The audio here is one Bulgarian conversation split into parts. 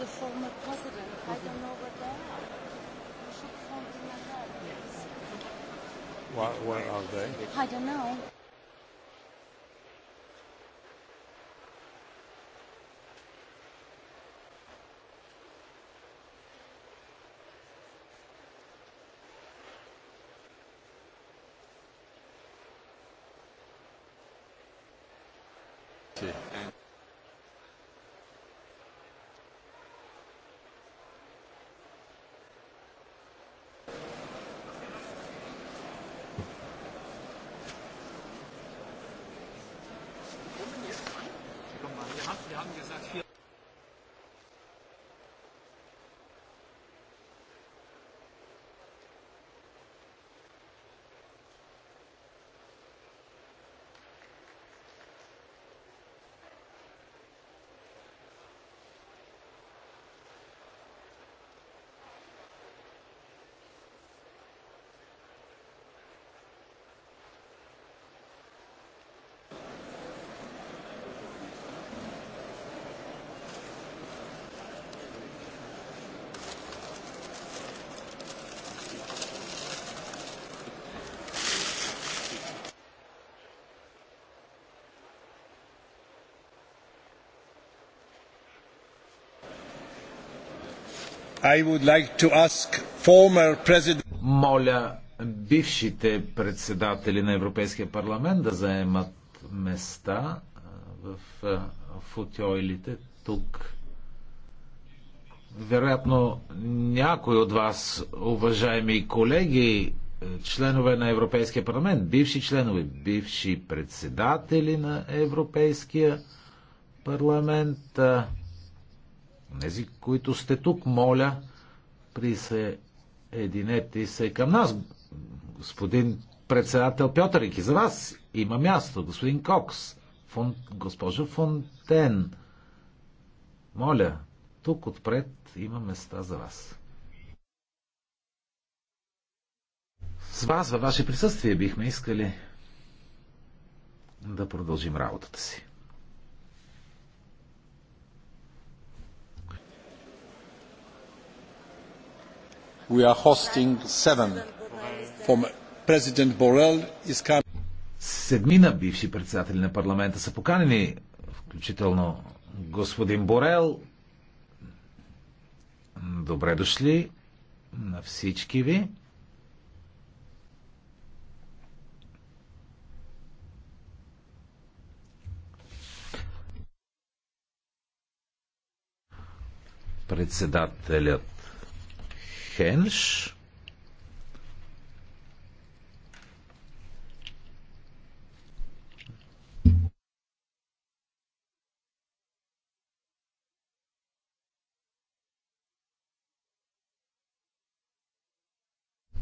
the former president. I don't know where they are. You should phone them Where, where are they? I don't know. Sie haben gesagt, Моля бившите председатели на Европейския парламент да заемат места в футойлите тук. Вероятно някой от вас, уважаеми колеги, членове на Европейския парламент, бивши членове, бивши председатели на Европейския парламент, Нези, които сте тук, моля, присъединете се към нас. Господин председател Пьотър, и за вас има място. Господин Кокс, фон, госпожа Фонтен, моля, тук отпред има места за вас. С вас, във ваше присъствие, бихме искали да продължим работата си. we are hosting seven from President Borrell is coming. Седмина бивши председатели на парламента са поканени, включително господин Борел. Добре дошли на всички ви. Председателят Хенш.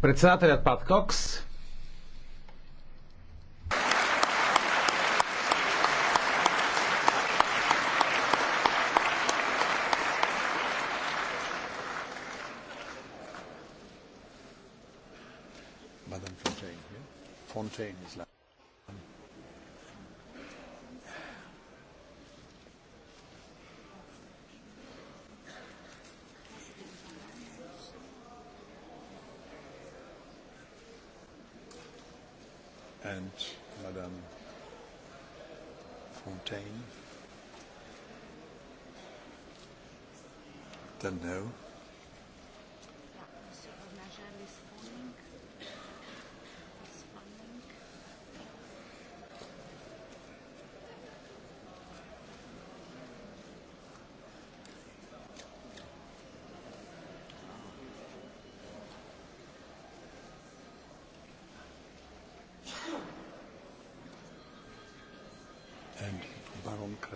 Председателят Пат Кокс Fontaine is last. And Madame Fontaine. Don't know.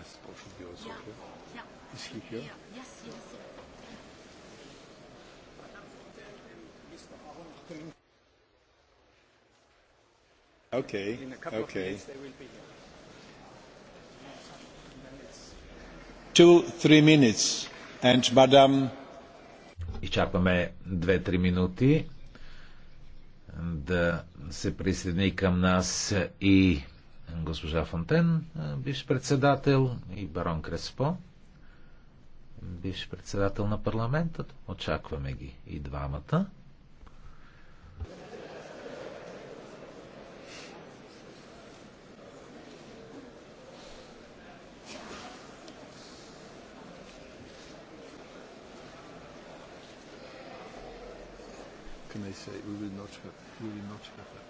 this portion of yours, yeah. okay? Yeah. Is he here? Yeah. Yes, yes. Okay. In a couple okay. of minutes they will be here. Two, three minutes. And Madame... Изчакваме 2-3 минути да се присъедини към нас и госпожа Фонтен, бивш председател, и барон Креспо, бивш председател на парламента. Очакваме ги и двамата. Can I say we will not have, we will not have a,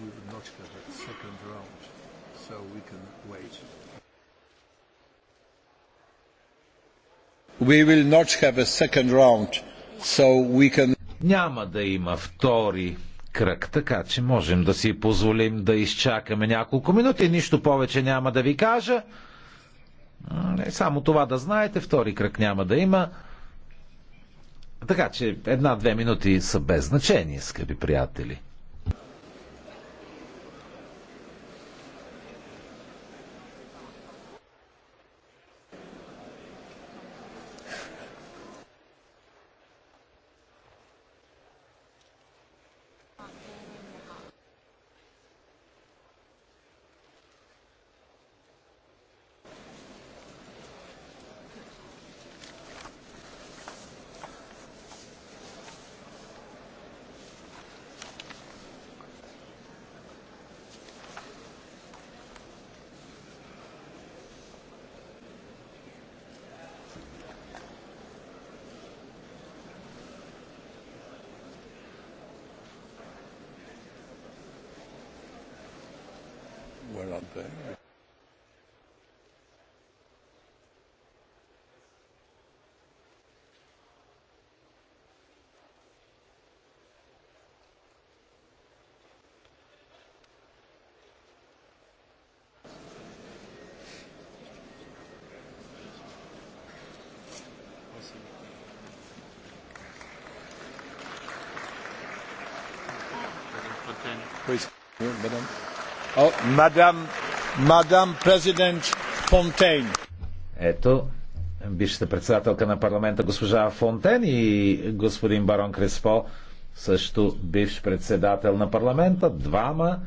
we will not have a second round? so we can wait. We will not have a second round, so we can... Няма да има втори кръг, така че можем да си позволим да изчакаме няколко минути. Нищо повече няма да ви кажа. Не само това да знаете, втори кръг няма да има. Така че една-две минути са без значение, скъпи приятели. Мадам, Ето, бившата председателка на парламента госпожа Фонтен и господин барон Креспо, също бивш председател на парламента, двама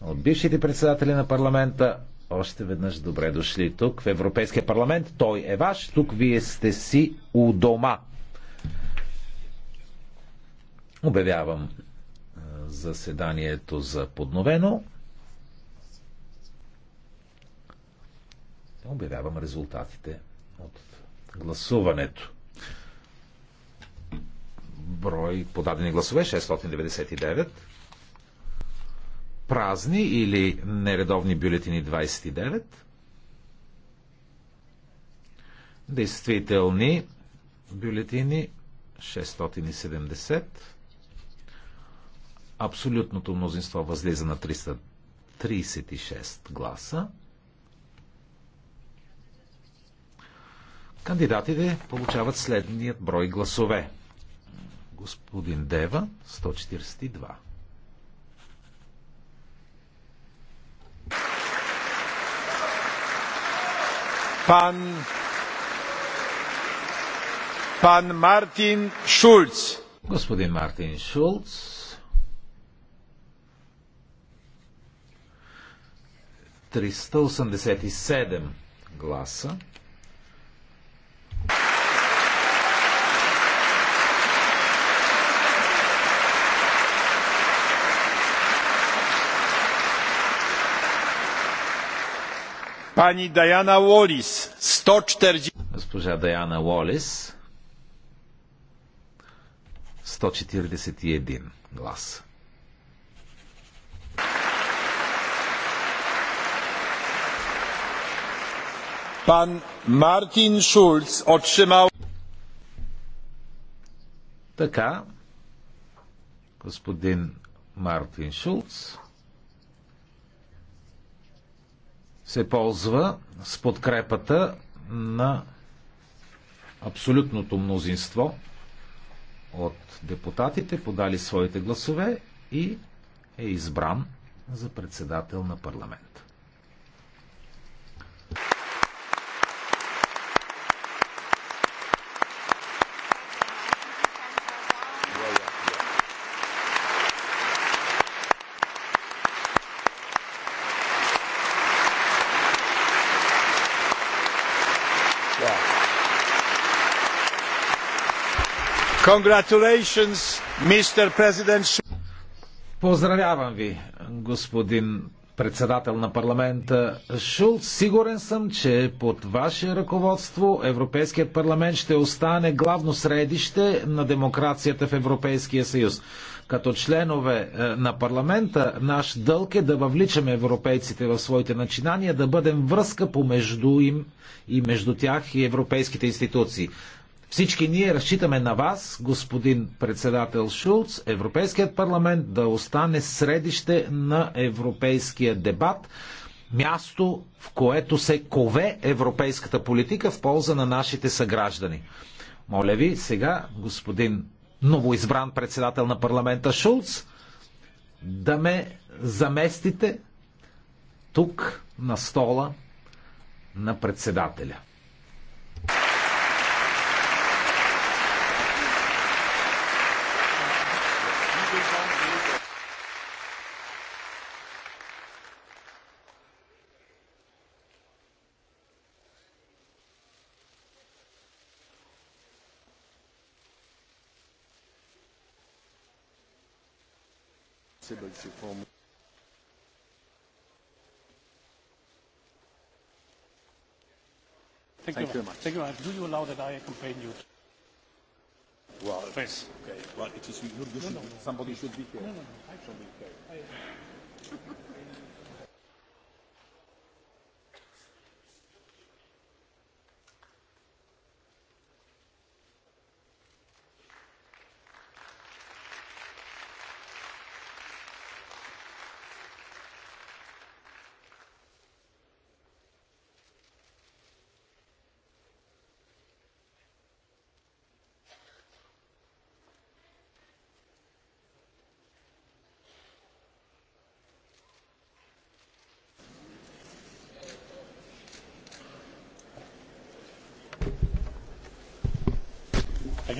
от бившите председатели на парламента, още веднъж добре дошли тук в Европейския парламент. Той е ваш, тук вие сте си у дома. Обявявам заседанието за подновено. Обявявам резултатите от гласуването. Брой подадени гласове 699. Празни или нередовни бюлетини 29. Действителни бюлетини 670. Абсолютното мнозинство възлиза на 336 гласа. Кандидатите получават следният брой гласове. Господин Дева 142. Пан Пан Мартин Шулц. Господин Мартин Шулц 387 гласа. Пани Даяна Уолис, 140... Госпожа Даяна Уолис, 141 гласа. Pan Martin Schulz otrzymał. Така, господин Мартин Шулц се ползва с подкрепата на абсолютното мнозинство от депутатите, подали своите гласове и е избран за председател на парламента. Congratulations, Mr. President. Поздравявам ви, господин председател на парламента Шулц. Сигурен съм, че под ваше ръководство Европейският парламент ще остане главно средище на демокрацията в Европейския съюз. Като членове е, на парламента, наш дълг е да въвличаме европейците в своите начинания, да бъдем връзка помежду им и между тях и европейските институции. Всички ние разчитаме на вас, господин председател Шулц, Европейският парламент да остане средище на европейския дебат, място, в което се кове европейската политика в полза на нашите съграждани. Моля ви, сега, господин новоизбран председател на парламента Шулц, да ме заместите тук на стола на председателя. Thank you. do you allow that I accompany you? Well, please. Okay. Well, it is your decision. no, no, no. Somebody should be here. No, no, no. I shall be here. I...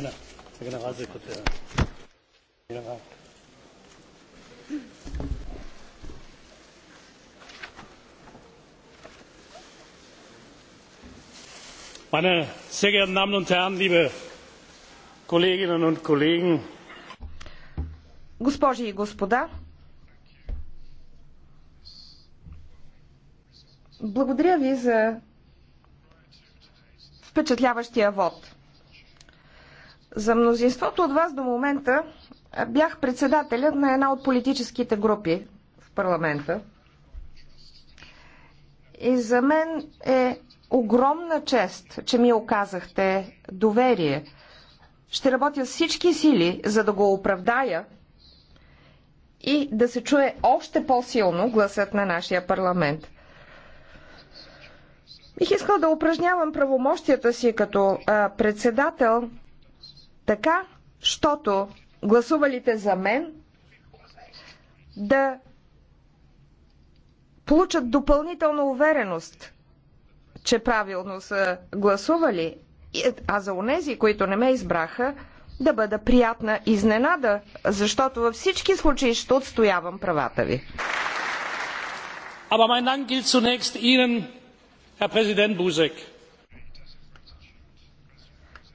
meine sehr geehrten damen und herren liebe kolleginnen und kollegen! госпожи и господа благодаря ви за впечатляващия вот. За мнозинството от вас до момента бях председателят на една от политическите групи в парламента. И за мен е огромна чест, че ми оказахте доверие. Ще работя всички сили, за да го оправдая и да се чуе още по-силно гласът на нашия парламент. Бих искал да упражнявам правомощията си като а, председател така, щото гласувалите за мен да получат допълнителна увереност, че правилно са гласували, а за онези, които не ме избраха, да бъда приятна изненада, защото във всички случаи ще отстоявам правата ви. Aber mein Dank gilt zunächst Ihnen, Herr Präsident Buzek.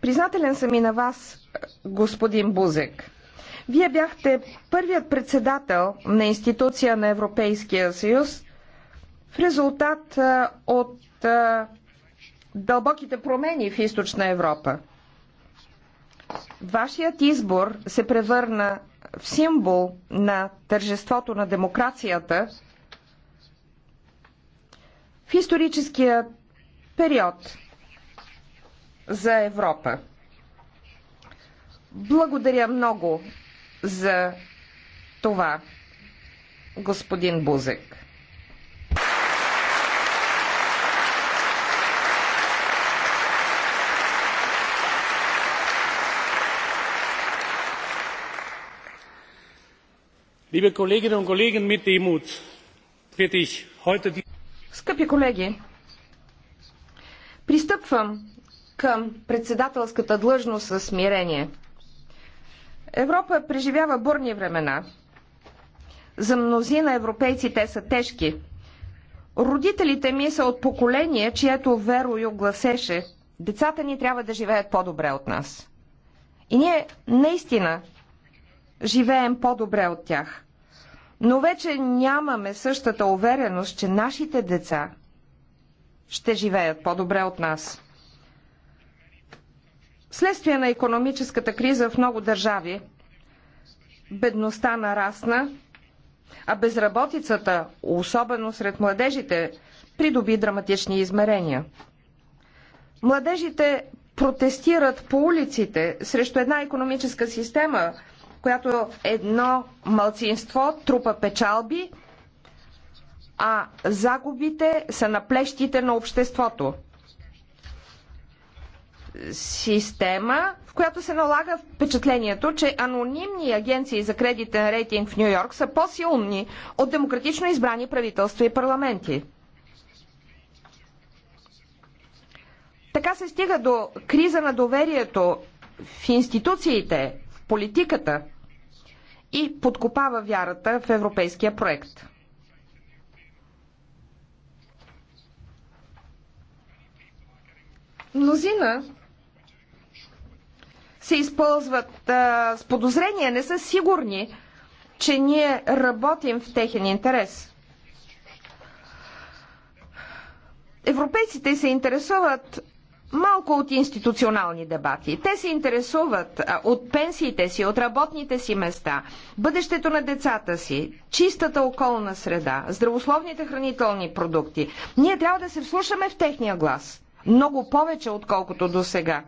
Признателен съм и на вас, господин Бузек. Вие бяхте първият председател на институция на Европейския съюз в резултат от дълбоките промени в източна Европа. Вашият избор се превърна в символ на тържеството на демокрацията в историческия период за Европа. Благодаря много за това, господин Бузек. Liebe Kolleginnen und Kollegen, mit trete ich heute die Скъпи колеги, пристъпвам към председателската длъжност със смирение. Европа преживява бурни времена. За мнозина европейци те са тежки. Родителите ми са от поколение, чието веро и огласеше децата ни трябва да живеят по-добре от нас. И ние наистина живеем по-добре от тях. Но вече нямаме същата увереност, че нашите деца ще живеят по-добре от нас. Вследствие на економическата криза в много държави, бедността нарасна, а безработицата, особено сред младежите, придоби драматични измерения. Младежите протестират по улиците срещу една економическа система, която едно мълцинство трупа печалби, а загубите са на плещите на обществото система, в която се налага впечатлението, че анонимни агенции за кредитен рейтинг в Нью Йорк са по-силни от демократично избрани правителства и парламенти. Така се стига до криза на доверието в институциите, в политиката и подкопава вярата в европейския проект. Мнозина се използват а, с подозрение, не са сигурни, че ние работим в техен интерес. Европейците се интересуват малко от институционални дебати. Те се интересуват от пенсиите си, от работните си места, бъдещето на децата си, чистата околна среда, здравословните хранителни продукти. Ние трябва да се вслушаме в техния глас. Много повече, отколкото до сега.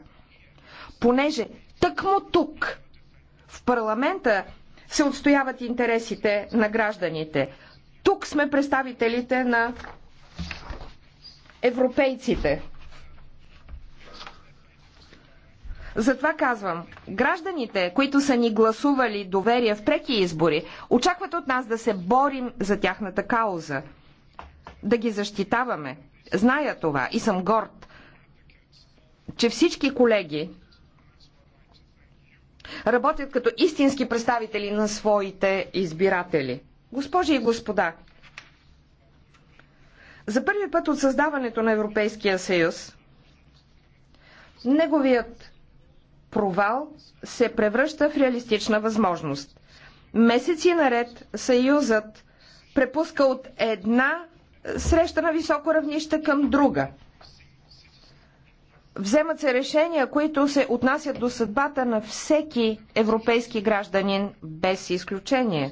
Понеже Тъкмо тук, в парламента, се отстояват интересите на гражданите. Тук сме представителите на европейците. Затова казвам, гражданите, които са ни гласували доверие в преки избори, очакват от нас да се борим за тяхната кауза, да ги защитаваме. Зная това и съм горд, че всички колеги работят като истински представители на своите избиратели. Госпожи и господа, за първи път от създаването на Европейския съюз, неговият провал се превръща в реалистична възможност. Месеци наред Съюзът препуска от една среща на високо равнище към друга – Вземат се решения, които се отнасят до съдбата на всеки европейски гражданин без изключение.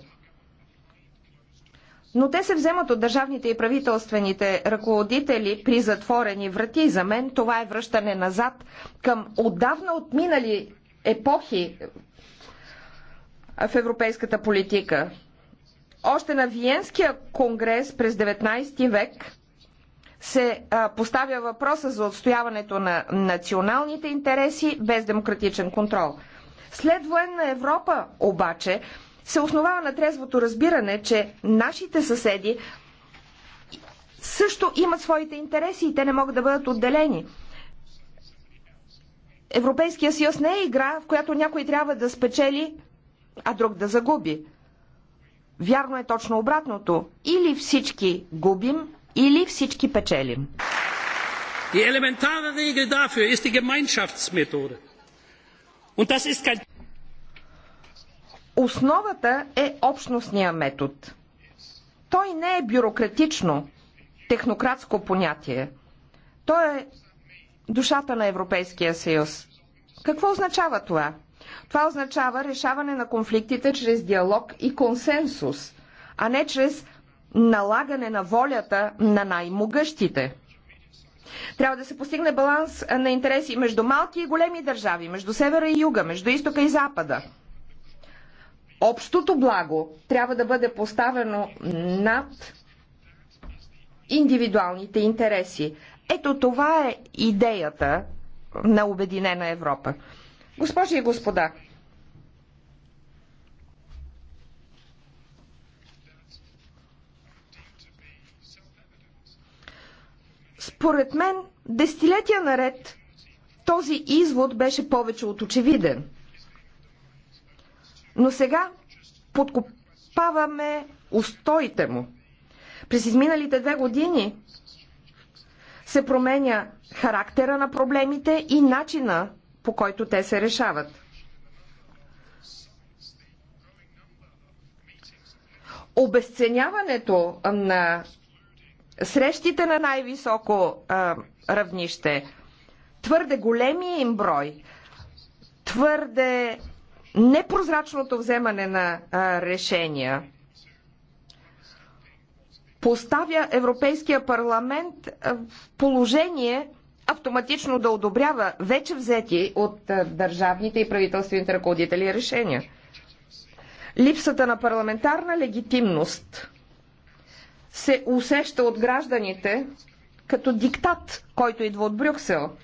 Но те се вземат от държавните и правителствените ръководители при затворени врати. За мен това е връщане назад към отдавна отминали епохи в европейската политика. Още на Виенския конгрес през 19 век се поставя въпроса за отстояването на националните интереси без демократичен контрол. След военна Европа обаче се основава на трезвото разбиране, че нашите съседи също имат своите интереси и те не могат да бъдат отделени. Европейския съюз не е игра, в която някой трябва да спечели, а друг да загуби. Вярно е точно обратното. Или всички губим, или всички печелим. Основата е общностния метод. Той не е бюрократично, технократско понятие. Той е душата на Европейския съюз. Какво означава това? Това означава решаване на конфликтите чрез диалог и консенсус, а не чрез налагане на волята на най-могъщите. Трябва да се постигне баланс на интереси между малки и големи държави, между севера и юга, между изтока и запада. Общото благо трябва да бъде поставено над индивидуалните интереси. Ето това е идеята на Обединена Европа. Госпожи и господа, Според мен, десетилетия наред този извод беше повече от очевиден. Но сега подкопаваме устоите му. През изминалите две години се променя характера на проблемите и начина по който те се решават. Обесценяването на срещите на най-високо равнище, твърде големия им брой, твърде непрозрачното вземане на а, решения поставя Европейския парламент в положение автоматично да одобрява вече взети от а, държавните и правителствените ръководители решения. Липсата на парламентарна легитимност се усеща от гражданите като диктат, който идва от Брюксел.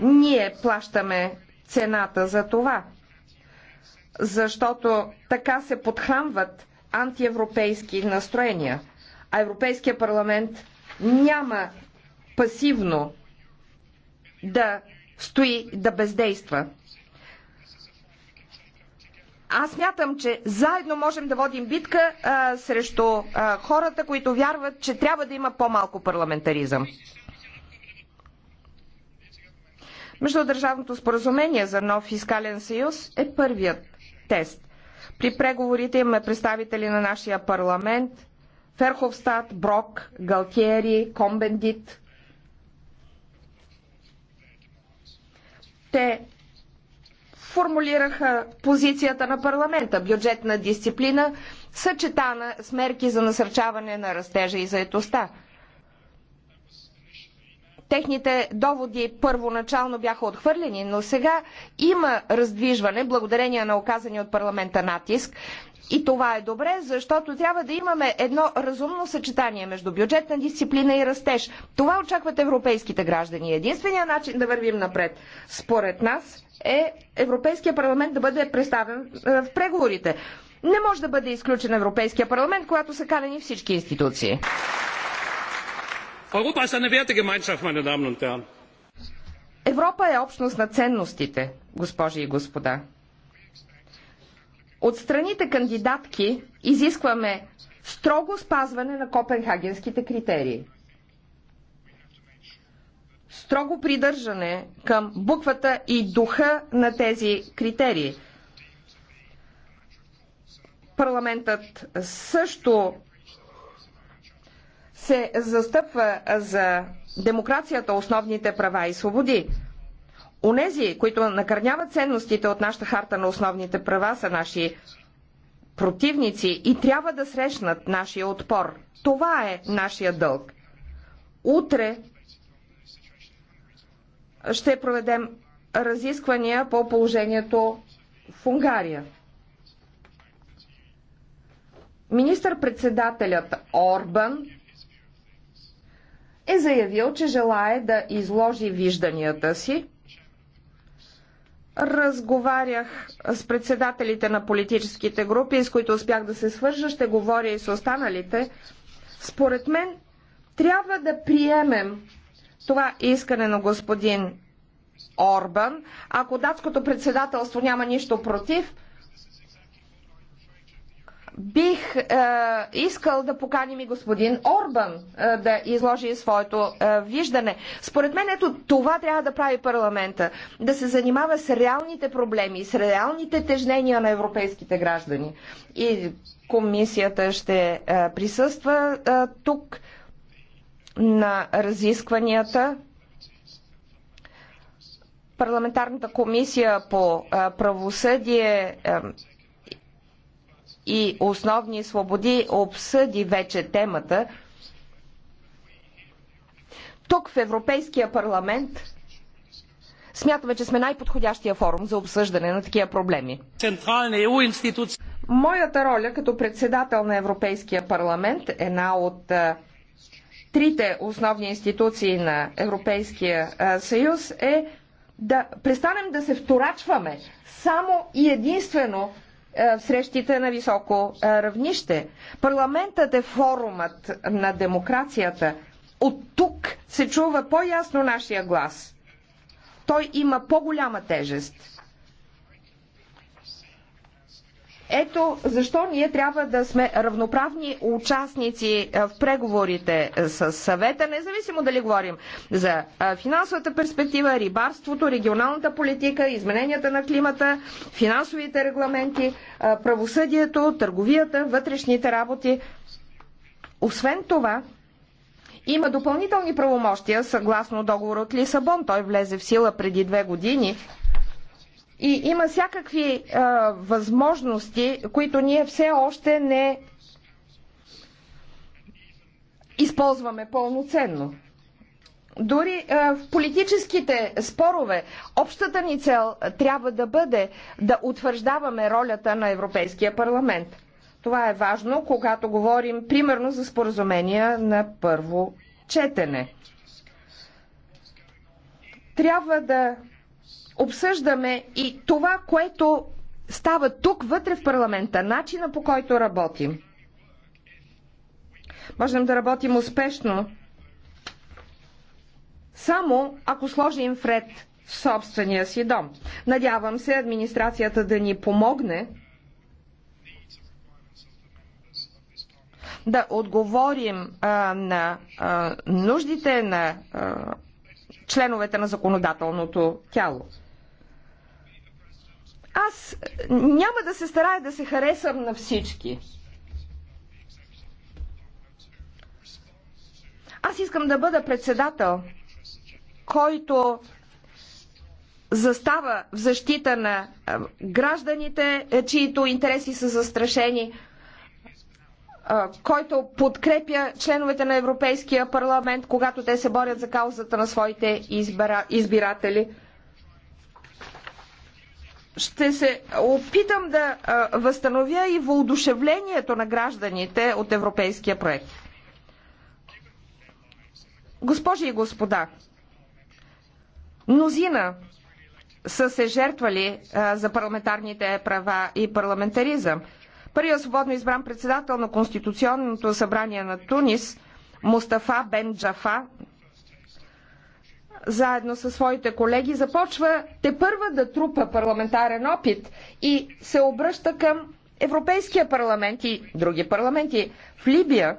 Ние плащаме цената за това, защото така се подхранват антиевропейски настроения. А Европейския парламент няма пасивно да стои да бездейства. Аз мятам, че заедно можем да водим битка а, срещу а, хората, които вярват, че трябва да има по-малко парламентаризъм. Междудържавното споразумение за нов фискален съюз е първият тест. При преговорите имаме представители на нашия парламент Ферховстат, Брок, Галтиери, Комбендит. Те формулираха позицията на парламента. Бюджетна дисциплина, съчетана с мерки за насърчаване на растежа и заетостта. Техните доводи първоначално бяха отхвърлени, но сега има раздвижване благодарение на оказания от парламента натиск. И това е добре, защото трябва да имаме едно разумно съчетание между бюджетна дисциплина и растеж. Това очакват европейските граждани. Единственият начин да вървим напред, според нас, е Европейския парламент да бъде представен е, в преговорите. Не може да бъде изключен Европейския парламент, когато са канени всички институции. Europa ist eine Wertegemeinschaft, meine Damen und Herren. Европа е общност на ценностите, госпожи и господа. От страните кандидатки изискваме строго спазване на копенхагенските критерии. Строго придържане към буквата и духа на тези критерии. Парламентът също се застъпва за демокрацията, основните права и свободи. Онези, които накърняват ценностите от нашата харта на основните права, са наши противници и трябва да срещнат нашия отпор. Това е нашия дълг. Утре ще проведем разисквания по положението в Унгария. Министър-председателят Орбан е заявил, че желае да изложи вижданията си. Разговарях с председателите на политическите групи, с които успях да се свържа, ще говоря и с останалите. Според мен трябва да приемем това искане на господин Орбан. Ако датското председателство няма нищо против, Бих е, искал да поканим и господин Орбан е, да изложи своето е, виждане. Според мен ето това трябва да прави парламента. Да се занимава с реалните проблеми, с реалните тежнения на европейските граждани. И комисията ще е, присъства е, тук на разискванията. Парламентарната комисия по е, правосъдие. Е, и основни свободи обсъди вече темата. Тук в Европейския парламент смятаме, че сме най-подходящия форум за обсъждане на такива проблеми. Е Моята роля като председател на Европейския парламент, една от трите основни институции на Европейския съюз, е да престанем да се вторачваме само и единствено е, в срещите на високо е, равнище. Парламентът е форумът на демокрацията. От тук се чува по-ясно нашия глас. Той има по-голяма тежест. Ето защо ние трябва да сме равноправни участници е, в преговорите е, с съвета, независимо дали говорим за е, финансовата перспектива, рибарството, регионалната политика, измененията на климата, финансовите регламенти, правосъдието, търговията, вътрешните работи. Освен това, има допълнителни правомощия съгласно договор от Лисабон. Той влезе в сила преди две години и има всякакви а, е, възможности, които ние все още не използваме пълноценно. Дори а, е, в политическите спорове общата ни цел трябва да бъде да утвърждаваме ролята на Европейския парламент. Това е важно, когато говорим примерно за споразумения на първо четене. Трябва да обсъждаме и това, което става тук, вътре в парламента, начина по който работим. Можем да работим успешно, само ако сложим вред в собствения си дом. Надявам се администрацията да ни помогне да отговорим а, на а, нуждите на а, членовете на законодателното тяло. Аз няма да се старая да се харесам на всички. Аз искам да бъда председател, който застава в защита на е, гражданите, е, чието интереси са застрашени, е, който подкрепя членовете на Европейския парламент, когато те се борят за каузата на своите избира... избиратели ще се опитам да възстановя и въодушевлението на гражданите от европейския проект. Госпожи и господа, мнозина са се жертвали за парламентарните права и парламентаризъм. Първият свободно избран председател на Конституционното събрание на Тунис, Мустафа Бен Джафа, заедно със своите колеги, започва те първа да трупа парламентарен опит и се обръща към Европейския парламент и други парламенти. В Либия,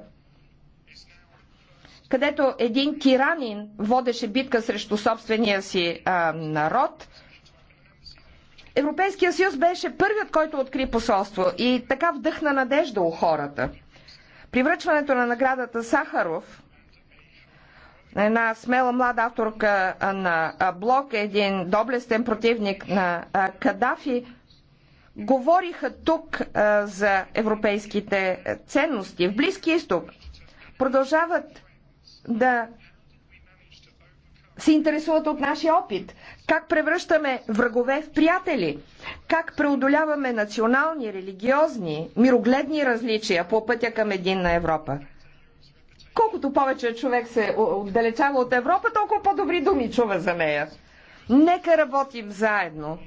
където един тиранин водеше битка срещу собствения си а, народ, Европейския съюз беше първият, който откри посолство и така вдъхна надежда у хората. При връчването на наградата Сахаров една смела млада авторка на блог, един доблестен противник на Кадафи, говориха тук за европейските ценности. В Близки изток продължават да се интересуват от нашия опит. Как превръщаме врагове в приятели? Как преодоляваме национални, религиозни, мирогледни различия по пътя към единна Европа? Колкото повече човек се отдалечава от Европа, толкова по-добри думи чува за нея. Нека работим заедно.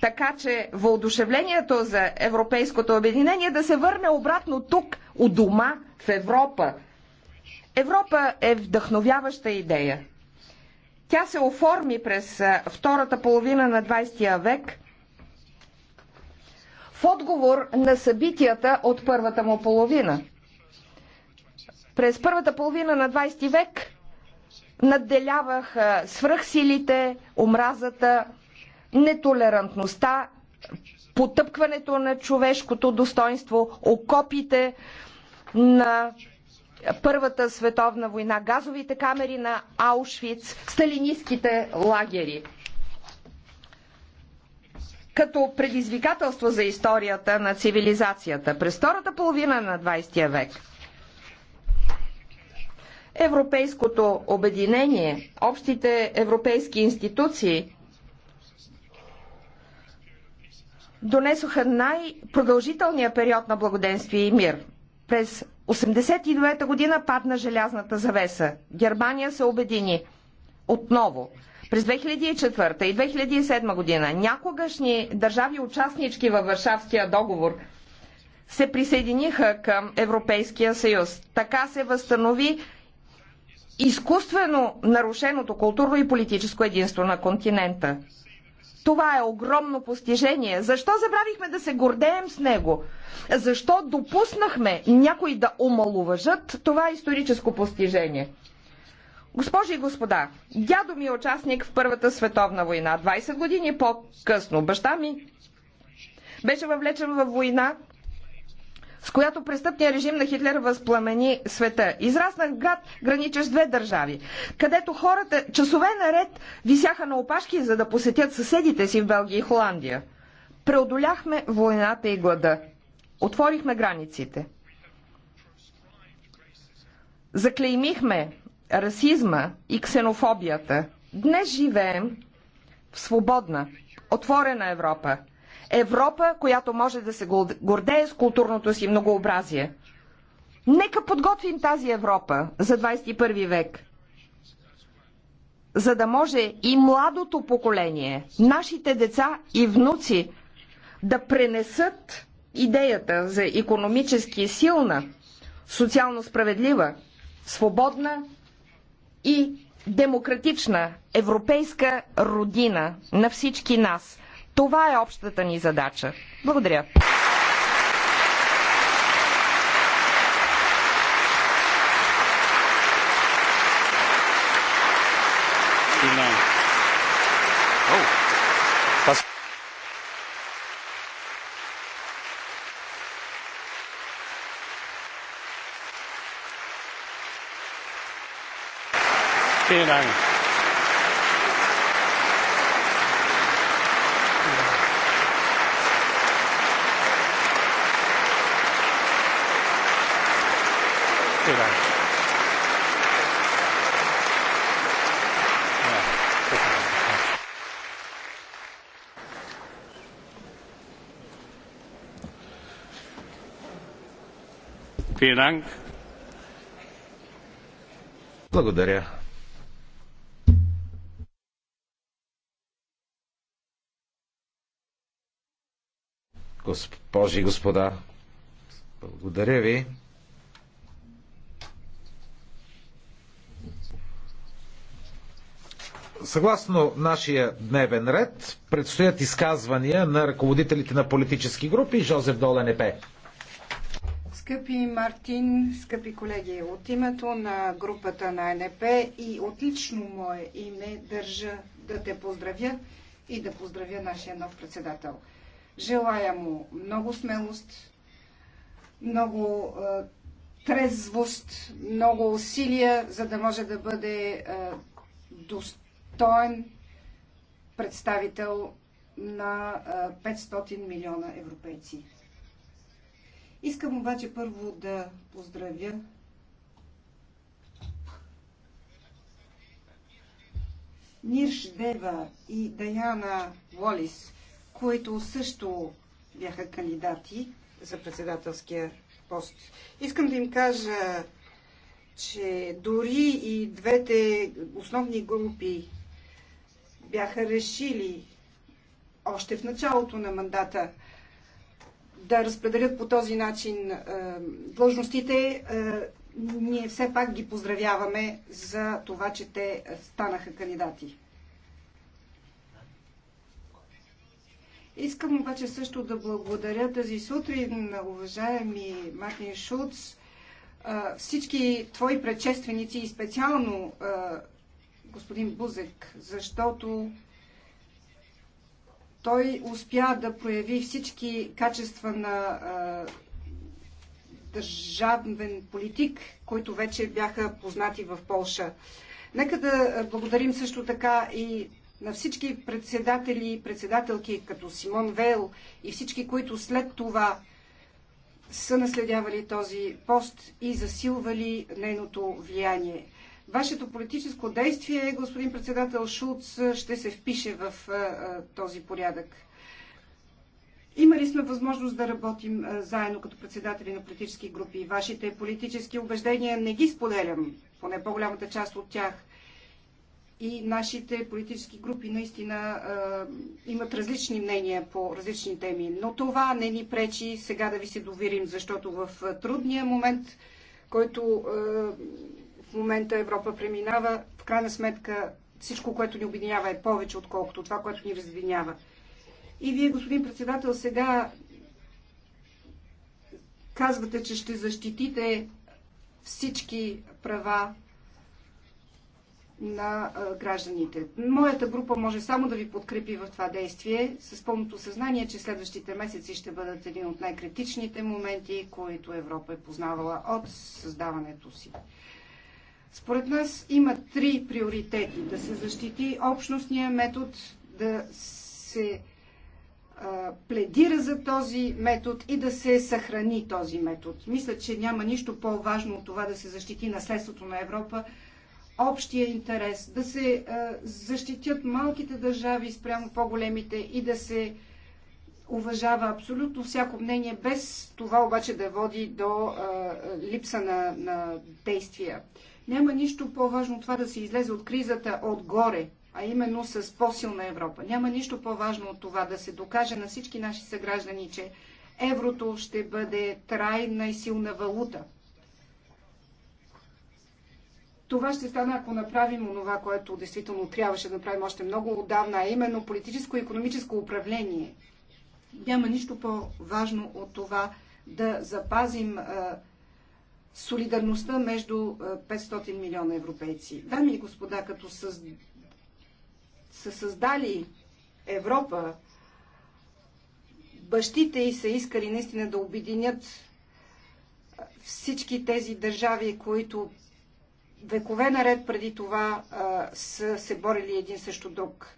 Така че въодушевлението за Европейското обединение да се върне обратно тук, у дома, в Европа. Европа е вдъхновяваща идея. Тя се оформи през втората половина на 20 век в отговор на събитията от първата му половина – през първата половина на 20 век надделяваха свръхсилите, омразата, нетолерантността, потъпкването на човешкото достоинство, окопите на Първата световна война, газовите камери на Аушвиц, сталинистските лагери. Като предизвикателство за историята на цивилизацията през втората половина на 20 век – Европейското обединение, общите европейски институции донесоха най-продължителния период на благоденствие и мир. През 1989 година падна желязната завеса. Германия се обедини отново. През 2004 и 2007 година някогашни държави участнички във Варшавския договор се присъединиха към Европейския съюз. Така се възстанови изкуствено нарушеното културно и политическо единство на континента. Това е огромно постижение. Защо забравихме да се гордеем с него? Защо допуснахме някои да омалуважат това историческо постижение? Госпожи и господа, дядо ми е участник в Първата световна война. 20 години по-късно баща ми беше въвлечен във война с която престъпният режим на Хитлер възпламени света. Израснах в град, граничещ две държави, където хората часове наред висяха на опашки, за да посетят съседите си в Белгия и Холандия. Преодоляхме войната и глада. Отворихме границите. Заклеймихме расизма и ксенофобията. Днес живеем в свободна, отворена Европа – Европа, която може да се гордее с културното си многообразие. Нека подготвим тази Европа за 21 век, за да може и младото поколение, нашите деца и внуци да пренесат идеята за економически силна, социално справедлива, свободна и демократична европейска родина на всички нас – това е общата ни задача. Благодаря. Vielen Dank. Благодаря. Госпожи и господа, благодаря ви. Съгласно нашия дневен ред, предстоят изказвания на ръководителите на политически групи Жозеф Долен Епе. Скъпи Мартин, скъпи колеги, от името на групата на НП и отлично мое име държа да те поздравя и да поздравя нашия нов председател. Желая му много смелост, много е, трезвост, много усилия, за да може да бъде е, достоен представител на 500 милиона европейци. Искам обаче първо да поздравя Нирш Дева и Даяна Волис, които също бяха кандидати за председателския пост. Искам да им кажа, че дори и двете основни групи бяха решили още в началото на мандата да разпределят по този начин е, длъжностите. Е, ние все пак ги поздравяваме за това, че те станаха кандидати. Искам обаче също да благодаря тази сутрин на уважаеми Мартин Шуц, е, всички твои предшественици и специално господин Бузек, защото той успя да прояви всички качества на държавен политик, които вече бяха познати в Полша. Нека да благодарим също така и на всички председатели и председателки, като Симон Вейл и всички, които след това са наследявали този пост и засилвали нейното влияние. Вашето политическо действие, господин председател Шулц, ще се впише в този порядък. Имали сме възможност да работим заедно като председатели на политически групи. Вашите политически убеждения не ги споделям, поне по-голямата част от тях. И нашите политически групи наистина е, имат различни мнения по различни теми. Но това не ни пречи сега да ви се доверим, защото в трудния момент, който е, момента Европа преминава. В крайна сметка всичко, което ни обединява е повече, отколкото това, което ни разединява. И вие, господин председател, сега казвате, че ще защитите всички права на гражданите. Моята група може само да ви подкрепи в това действие, с пълното съзнание, че следващите месеци ще бъдат един от най-критичните моменти, които Европа е познавала от създаването си. Според нас има три приоритети. Да се защити общностния метод, да се а, пледира за този метод и да се съхрани този метод. Мисля, че няма нищо по-важно от това да се защити наследството на Европа, общия интерес, да се а, защитят малките държави спрямо по-големите и да се уважава абсолютно всяко мнение, без това обаче да води до а, липса на, на действия. Няма нищо по-важно това да се излезе от кризата отгоре, а именно с по-силна Европа. Няма нищо по-важно от това да се докаже на всички наши съграждани, че еврото ще бъде трайна и силна валута. Това ще стане, ако направим онова, което действително трябваше да направим още много отдавна, а именно политическо-економическо и управление. Няма нищо по-важно от това да запазим солидарността между 500 е, милиона европейци. Дами и господа, като са създали Европа, бащите и са искали наистина да обединят е, всички тези държави, които векове наред преди това а, е, са се борили един също друг.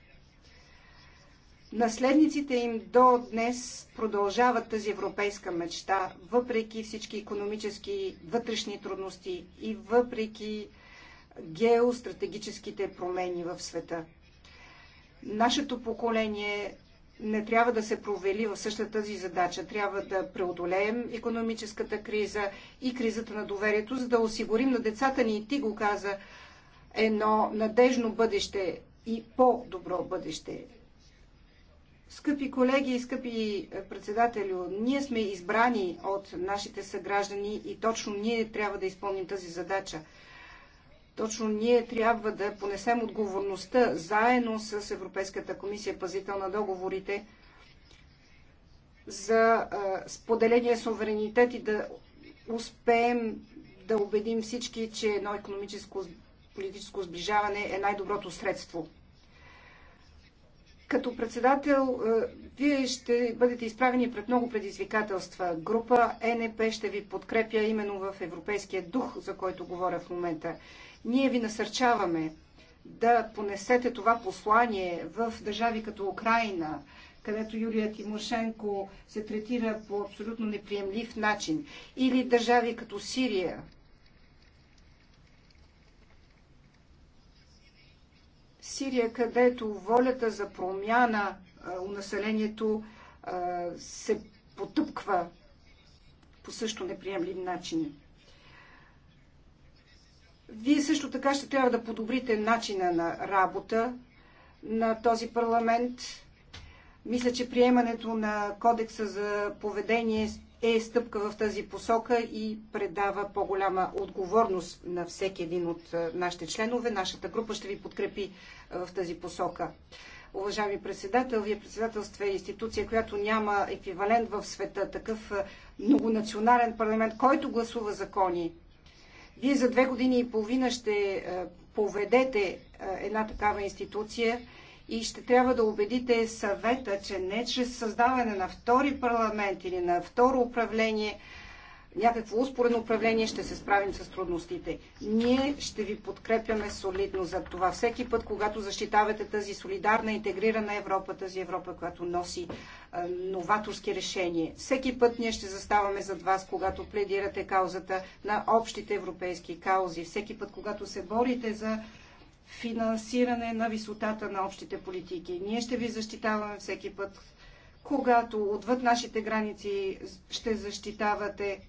Наследниците им до днес продължават тази европейска мечта, въпреки всички економически вътрешни трудности и въпреки геостратегическите промени в света. Нашето поколение не трябва да се провели в същата тази задача. Трябва да преодолеем економическата криза и кризата на доверието, за да осигурим на децата ни, и ти го каза, едно надежно бъдеще и по-добро бъдеще. Скъпи колеги, и скъпи е, председателю, ние сме избрани от нашите съграждани и точно ние трябва да изпълним тази задача. Точно ние трябва да понесем отговорността заедно с Европейската комисия, пазител на договорите, за е, споделение суверенитет и да успеем да убедим всички, че едно економическо политическо сближаване е най-доброто средство. Като председател, е, вие ще бъдете изправени пред много предизвикателства. Група ЕНП ще ви подкрепя именно в европейския дух, за който говоря в момента. Ние ви насърчаваме да понесете това послание в държави като Украина, където Юлия Тимошенко се третира по абсолютно неприемлив начин, или държави като Сирия, Сирия, където волята за промяна у населението се потъпква по също неприемлив начин. Вие също така ще трябва да подобрите начина на работа на този парламент. Мисля, че приемането на кодекса за поведение е стъпка в тази посока и предава по-голяма отговорност на всеки един от нашите членове. Нашата група ще ви подкрепи в тази посока. Уважаеми председател, вие председателство е институция, която няма еквивалент в света, такъв многонационален парламент, който гласува закони. Вие за две години и половина ще поведете една такава институция и ще трябва да убедите съвета, че не чрез създаване на втори парламент или на второ управление, някакво успоредно управление ще се справим с трудностите. Ние ще ви подкрепяме солидно за това. Всеки път, когато защитавате тази солидарна, интегрирана Европа, тази Европа, която носи а, новаторски решения, всеки път ние ще заставаме зад вас, когато пледирате каузата на общите европейски каузи, всеки път, когато се борите за финансиране на висотата на общите политики. Ние ще ви защитаваме всеки път, когато отвъд нашите граници ще защитавате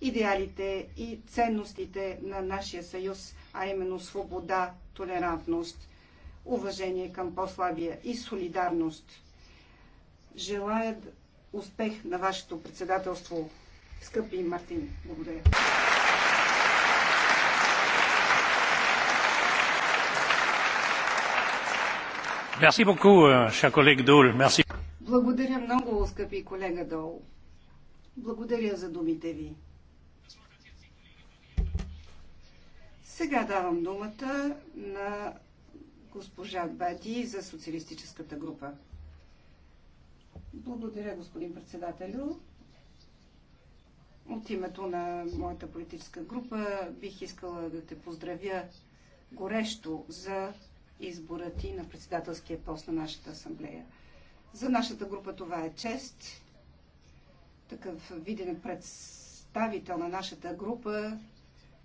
идеалите и ценностите на нашия съюз, а именно свобода, толерантност, уважение към по-слабия и солидарност. Желая успех на вашето председателство, скъпи Мартин. Благодаря. Euh, Благодаря много, скъпи колега Дол. Благодаря за думите ви. Сега давам думата на госпожа Бади за социалистическата група. Благодаря, господин председателю. От името на моята политическа група бих искала да те поздравя горещо за избора ти на председателския пост на нашата асамблея. За нашата група това е чест. Такъв виден представител на нашата група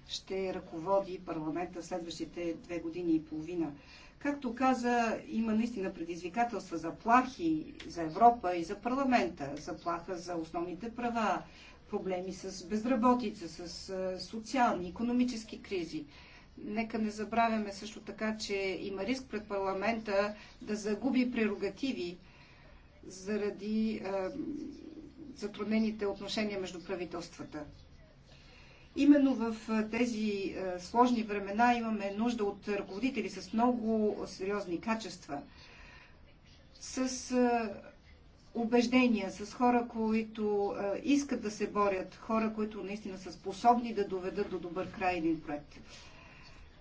ще ръководи парламента в следващите две години и половина. Както каза, има наистина предизвикателства за плахи за Европа и за парламента, заплаха за основните права, проблеми с безработица, с е, социални, економически кризи. Нека не забравяме също така, че има риск пред парламента да загуби прерогативи заради а, затруднените отношения между правителствата. Именно в тези сложни времена имаме нужда от ръководители с много сериозни качества, с убеждения, с хора, които искат да се борят, хора, които наистина са способни да доведат до добър край един проект.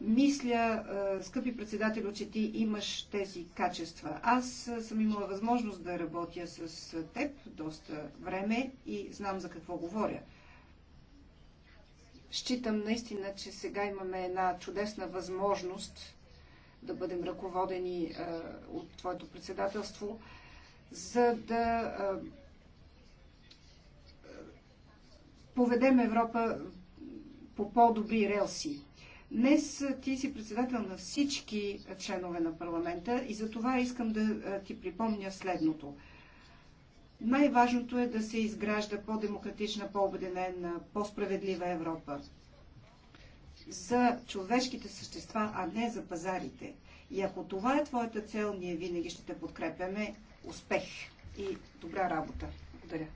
Мисля, скъпи председател, че ти имаш тези качества. Аз съм имала възможност да работя с теб доста време и знам за какво говоря. Считам наистина, че сега имаме една чудесна възможност да бъдем ръководени от твоето председателство, за да поведем Европа по по-добри релси. Днес ти си председател на всички членове на парламента и за това искам да ти припомня следното. Най-важното е да се изгражда по-демократична, по-обединена, по-справедлива Европа. За човешките същества, а не за пазарите. И ако това е твоята цел, ние винаги ще те подкрепяме. Успех и добра работа. Благодаря.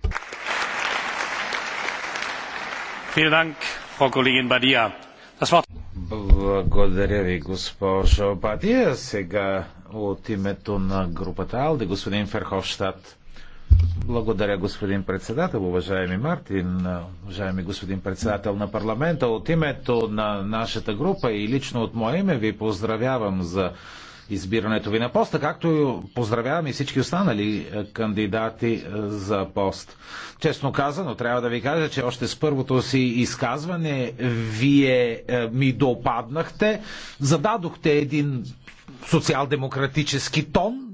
Vielen Dank, Frau Kollegin Badia. Das Wort благодаря ви, госпожо Бадия. Сега от името на групата Алди, господин Ферховщад. Благодаря, господин председател, уважаеми Мартин, уважаеми господин председател на парламента. От името на нашата група и лично от мое име ви поздравявам за избирането ви на поста, както и поздравявам и всички останали е, кандидати е, за пост. Честно казано, трябва да ви кажа, че още с първото си изказване вие е, ми допаднахте, зададохте един социал-демократически тон,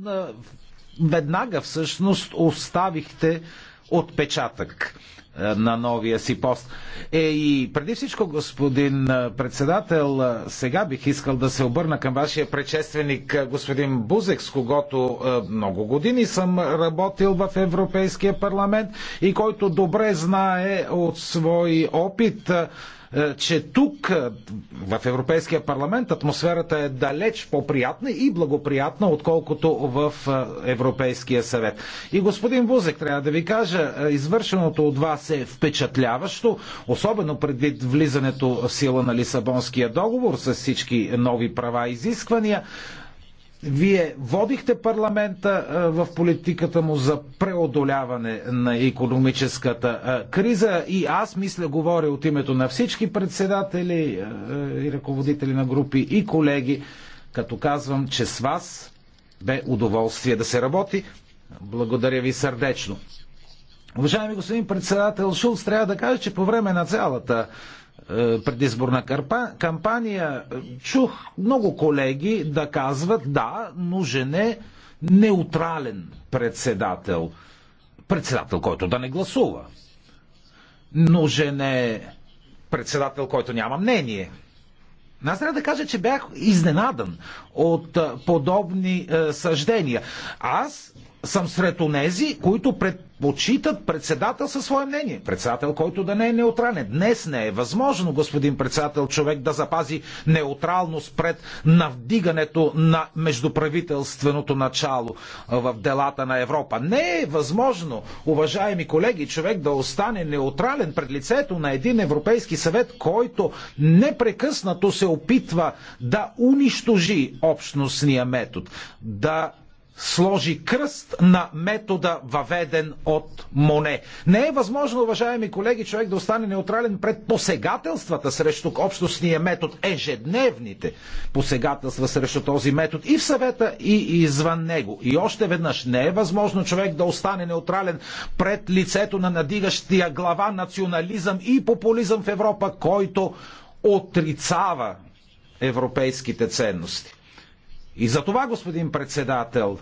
веднага всъщност оставихте отпечатък е, на новия си пост. Е, и преди всичко, господин е, председател, е, сега бих искал да се обърна към вашия предшественик, господин Бузек, с когото много години съм работил в Европейския парламент и който добре знае от свой опит е, че тук е, в Европейския парламент атмосферата е далеч по-приятна и благоприятна, отколкото в е, Европейския съвет. И господин Бузек, трябва да ви кажа, извършеното от вас е впечатляващо, особено предвид влизането в сила на Лисабонския договор с всички нови права и изисквания. Вие водихте парламента в политиката му за преодоляване на економическата криза и аз мисля, говоря от името на всички председатели и ръководители на групи и колеги, като казвам, че с вас бе удоволствие да се работи. Благодаря ви сърдечно. Уважаеми господин председател Шулц, трябва да кажа, че по време на цялата е, предизборна кампания, чух много колеги да казват, да, нужен е неутрален председател. Председател, който да не гласува. Нужен е председател, който няма мнение. Аз трябва да кажа, че бях изненадан от подобни е, съждения. Аз съм сред онези, които предпочитат председател със свое мнение. Председател, който да не е неутрален. Днес не е възможно, господин председател, човек да запази неутралност пред навдигането на междуправителственото начало в делата на Европа. Не е възможно, уважаеми колеги, човек да остане неутрален пред лицето на един Европейски съвет, който непрекъснато се опитва да унищожи общностния метод, да сложи кръст на метода въведен от Моне. Не е възможно, уважаеми колеги, човек да остане неутрален пред посегателствата срещу общностния метод, ежедневните посегателства срещу този метод и в съвета, и извън него. И още веднъж, не е възможно човек да остане неутрален пред лицето на надигащия глава национализъм и популизъм в Европа, който отрицава европейските ценности. И за това, господин председател,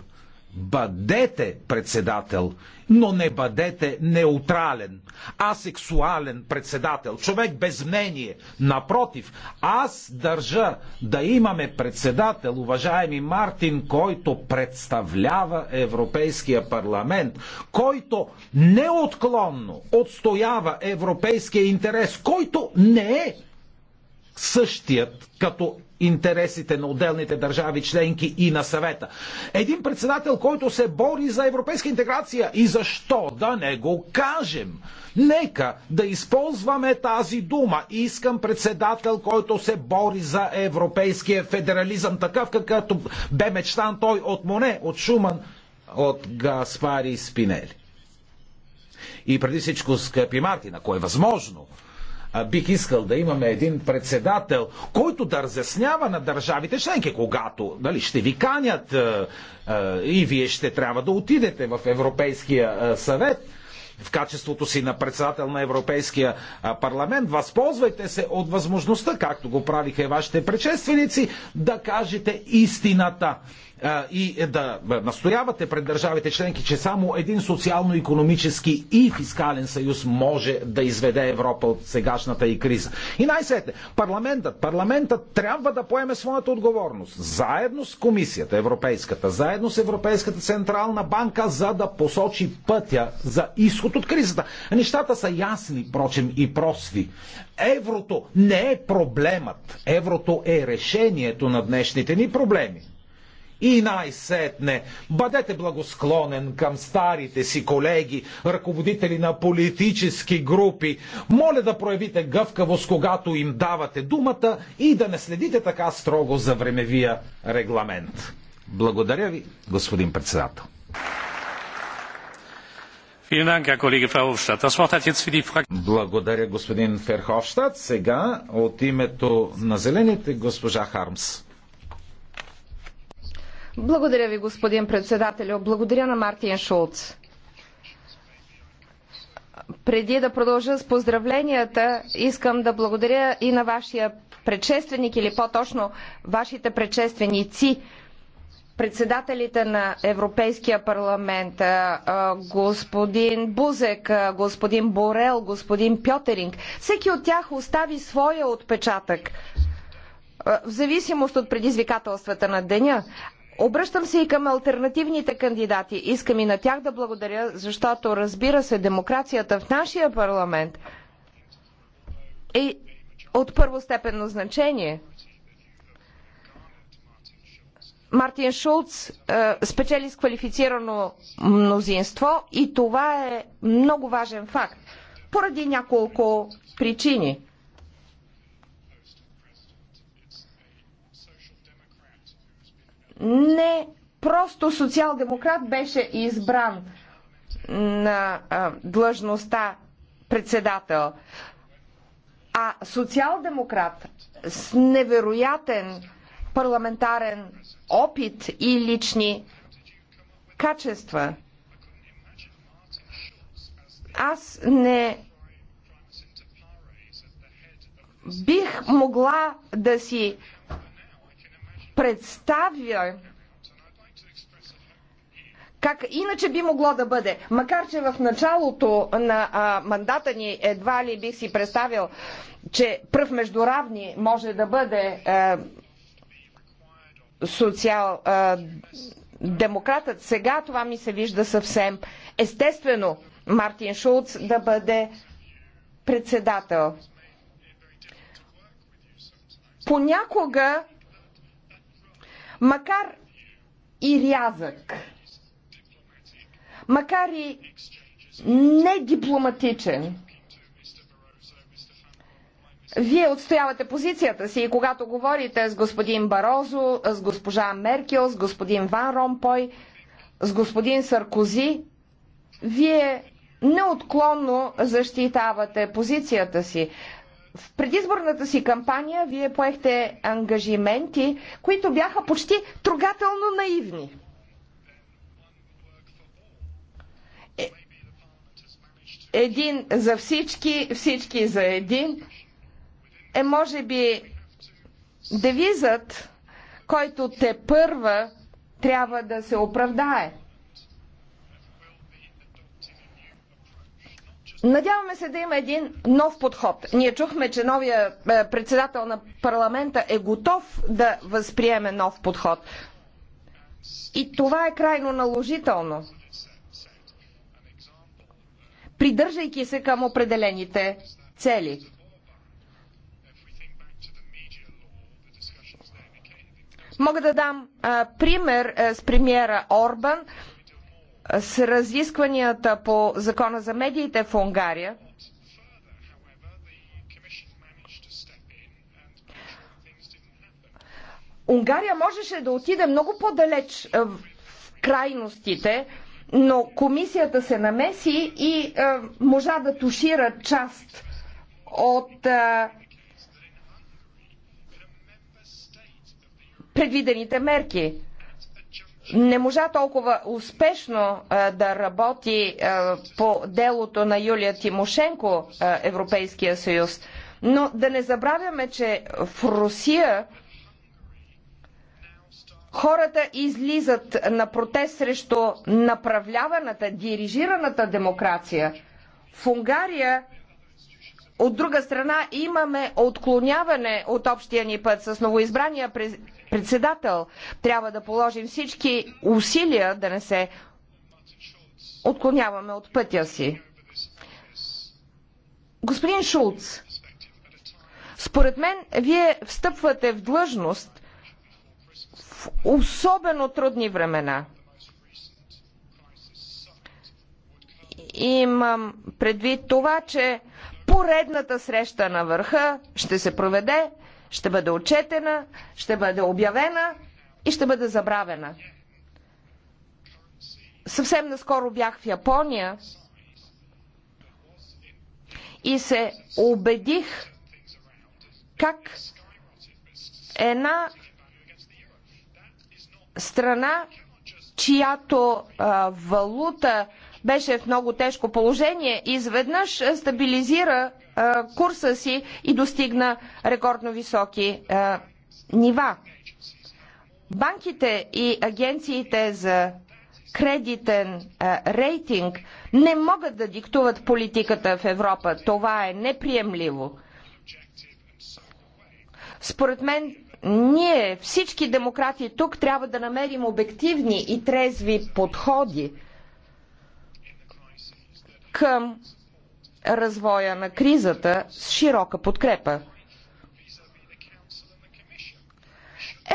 бъдете председател, но не бъдете неутрален, асексуален председател, човек без мнение. Напротив, аз държа да имаме председател, уважаеми Мартин, който представлява Европейския парламент, който неотклонно отстоява европейския интерес, който не е същият като интересите на отделните държави членки и на съвета. Един председател, който се бори за европейска интеграция и защо да не го кажем? Нека да използваме тази дума. Искам председател, който се бори за европейския федерализъм, такъв какъвто бе мечтан той от Моне, от Шуман, от Гаспари Спинели. И преди всичко, скъпи Мартин, ако е възможно, бих искал да имаме един председател, който да разяснява на държавите членки, когато дали, ще ви канят и вие ще трябва да отидете в Европейския съвет в качеството си на председател на Европейския парламент, възползвайте се от възможността, както го правиха и вашите предшественици, да кажете истината и е, да настоявате пред държавите членки, че само един социално-економически и фискален съюз може да изведе Европа от сегашната и криза. И най-сетне, парламентът, парламентът трябва да поеме своята отговорност, заедно с комисията европейската, заедно с Европейската централна банка, за да посочи пътя за изход от кризата. Нещата са ясни, прочим, и просви. Еврото не е проблемът. Еврото е решението на днешните ни проблеми. И най-сетне, бъдете благосклонен към старите си колеги, ръководители на политически групи. Моля да проявите гъвкавост, когато им давате думата и да не следите така строго за времевия регламент. Благодаря ви, господин председател. Благодаря, господин Ферховщад. Сега от името на Зелените госпожа Хармс. Благодаря ви, господин председателю. Благодаря на Мартин Шулц. Преди да продължа с поздравленията, искам да благодаря и на вашия предшественик или по-точно вашите предшественици, председателите на Европейския парламент, господин Бузек, господин Борел, господин Пьотеринг. Всеки от тях остави своя отпечатък в зависимост от предизвикателствата на деня. Обръщам се и към альтернативните кандидати. Искам и на тях да благодаря, защото разбира се, демокрацията в нашия парламент е от първостепенно значение. Мартин Шулц е, спечели с квалифицирано мнозинство и това е много важен факт поради няколко причини. не просто социал-демократ беше избран на а, длъжността председател, а социал-демократ с невероятен парламентарен опит и лични качества. Аз не бих могла да си представя как иначе би могло да бъде. Макар, че в началото на а, мандата ни едва ли бих си представил, че пръв между равни може да бъде а, е, социал а, е, демократът. Сега това ми се вижда съвсем естествено Мартин Шулц да бъде председател. Понякога Макар и рязък, макар и недипломатичен, вие отстоявате позицията си и когато говорите с господин Барозо, с госпожа Меркел, с господин Ван Ромпой, с господин Саркози, вие неотклонно защитавате позицията си. В предизборната си кампания вие поехте ангажименти, които бяха почти трогателно наивни. Е, един за всички, всички за един е може би девизът, който те първа трябва да се оправдае. Надяваме се да има един нов подход. Ние чухме, че новия е, председател на парламента е готов да възприеме нов подход. И това е крайно наложително. Придържайки се към определените цели. Мога да дам а, пример а, е, с премиера Орбан. А, с разискванията по закона за медиите в Унгария, Унгария можеше да отиде много по-далеч е, в крайностите, но комисията се намеси и а, е, можа да тушира част от а, е, предвидените мерки не можа толкова успешно да работи по делото на Юлия Тимошенко Европейския съюз. Но да не забравяме, че в Русия хората излизат на протест срещу направляваната, дирижираната демокрация. В Унгария от друга страна имаме отклоняване от общия ни път с новоизбрания председател. Трябва да положим всички усилия да не се отклоняваме от пътя си. Господин Шулц, според мен, вие встъпвате в длъжност в особено трудни времена. Имам предвид това, че поредната среща на върха ще се проведе ще бъде отчетена, ще бъде обявена и ще бъде забравена. Съвсем наскоро бях в Япония и се убедих как една страна, чиято а, валута беше в много тежко положение, изведнъж стабилизира курса си и достигна рекордно високи нива. Банките и агенциите за кредитен рейтинг не могат да диктуват политиката в Европа. Това е неприемливо. Според мен, ние, всички демократи тук, трябва да намерим обективни и трезви подходи към развоя на кризата с широка подкрепа.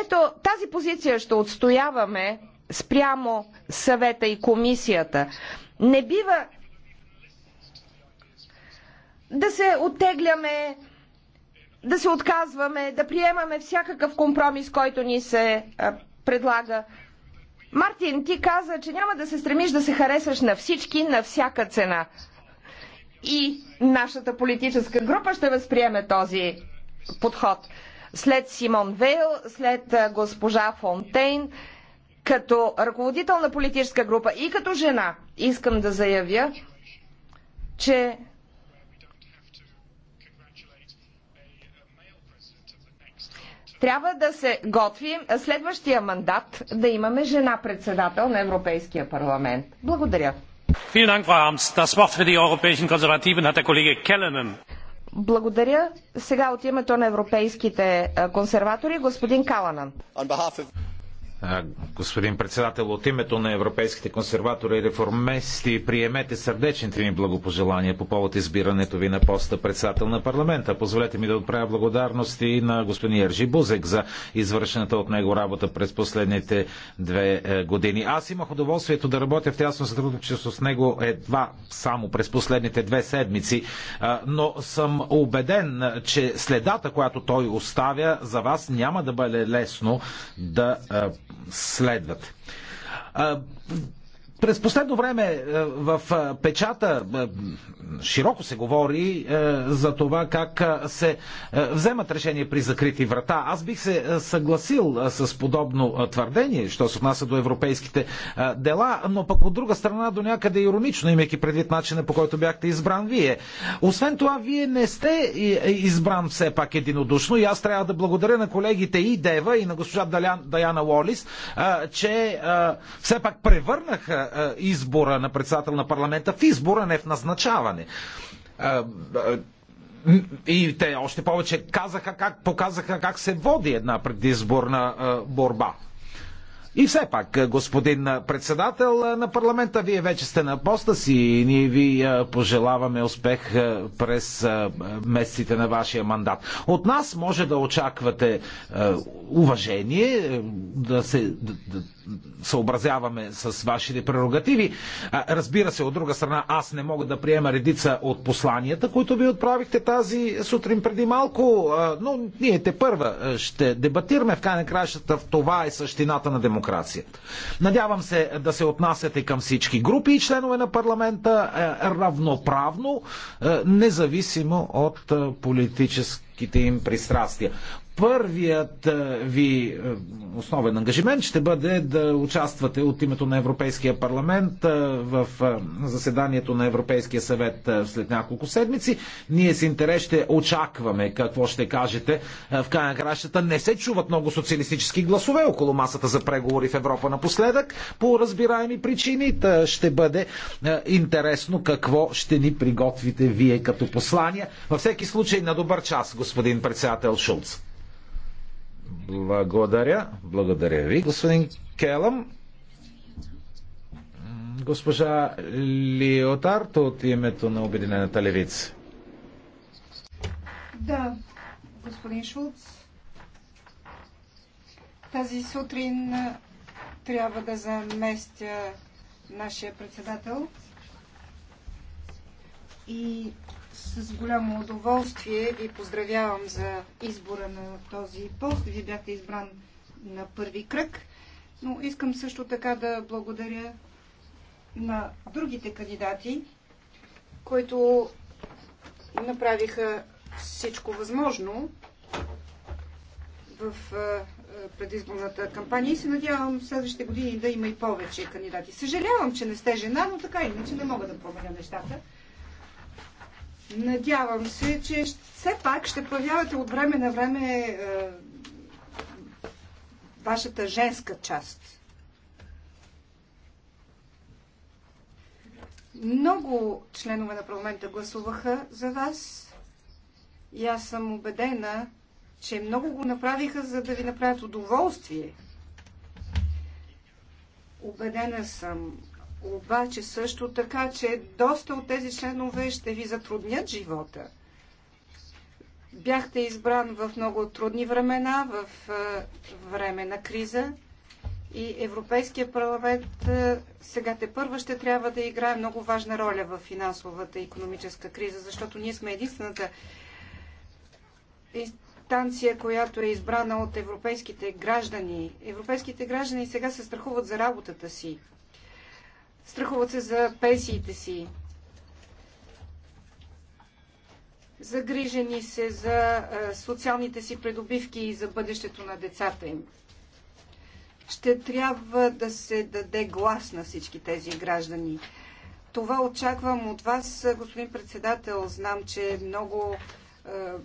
Ето тази позиция ще отстояваме спрямо съвета и комисията. Не бива да се оттегляме, да се отказваме, да приемаме всякакъв компромис, който ни се предлага. Мартин, ти каза, че няма да се стремиш да се харесваш на всички, на всяка цена. И нашата политическа група ще възприеме този подход. След Симон Вейл, след госпожа Фонтейн, като ръководител на политическа група и като жена, искам да заявя, че Трябва да се готви следващия мандат да имаме жена председател на Европейския парламент. Благодаря. Благодаря. Сега от името на европейските консерватори господин Каланан. Господин председател, от името на европейските консерватори и реформести, приемете сърдечните ми благопожелания по повод избирането ви на поста председател на парламента. Позволете ми да отправя благодарности на господин Ержи Бузек за извършената от него работа през последните две е, години. Аз имах удоволствието да работя в тясно сътрудничество с него едва само през последните две седмици, е, но съм убеден, че следата, която той оставя за вас, няма да бъде лесно да е, следват. През последно време е, в е, печата е, широко се говори за това как се вземат решения при закрити врата. Аз бих се съгласил с подобно твърдение, що се отнася до европейските дела, но пък от друга страна до някъде иронично, имайки предвид начина по който бяхте избран вие. Освен това, вие не сте избран все пак единодушно и аз трябва да благодаря на колегите и Дева и на госпожа Даяна Лолис, че все пак превърнаха е, избора на председател на парламента в избора, не в назначаване. Е, е, и те още повече казаха как, показаха как се води една предизборна борба. И все пак, е, господин е, председател е, на парламента, вие вече сте на поста си и ние ви пожелаваме успех през месеците на вашия мандат. От нас може да очаквате уважение, да се да съобразяваме с вашите прерогативи. Разбира се, от друга страна, аз не мога да приема редица от посланията, които ви отправихте тази сутрин преди малко, но ние те първа ще дебатираме в край на краищата в това е същината на демокрация демокрацията. Надявам се да се отнасяте към всички групи и членове на парламента е, равноправно, е, независимо от е, политическите им пристрастия. Първият е, ви е, основен ангажимент ще бъде да участвате от името на Европейския парламент е, в заседанието на Европейския съвет след няколко седмици. Ние с интерес ще очакваме какво ще кажете. В края на кращата не се чуват много социалистически гласове около масата за преговори в Европа напоследък. По разбираеми причини ще бъде интересно какво ще ни приготвите вие като послания. Във всеки случай на добър час, господин председател Шулц. Благодаря. Благодаря ви, господин Келъм. Госпожа Лиотарт от името на Обединената левица. Да, господин Шулц. Тази сутрин трябва да заместя нашия председател. И с голямо удоволствие ви поздравявам за избора на този пост. Вие бяхте избран на първи кръг, но искам също така да благодаря на другите кандидати, които направиха всичко възможно в предизборната кампания и се надявам в следващите години да има и повече кандидати. Съжалявам, че не сте жена, но така иначе не мога да променя нещата. Надявам се, че все пак ще появявате от време на време е, вашата женска част. Много членове на парламента гласуваха за вас и аз съм убедена, че много го направиха, за да ви направят удоволствие. Убедена съм, обаче също така, че доста от тези членове ще ви затруднят живота. Бяхте избран в много трудни времена, в време на криза и Европейския парламент сега те първа ще трябва да играе много важна роля в финансовата и економическа криза, защото ние сме единствената инстанция, която е избрана от европейските граждани. Европейските граждани сега се страхуват за работата си страхуват се за пенсиите си, загрижени се за социалните си предобивки и за бъдещето на децата им. Ще трябва да се даде глас на всички тези граждани. Това очаквам от вас, господин председател. Знам, че много, в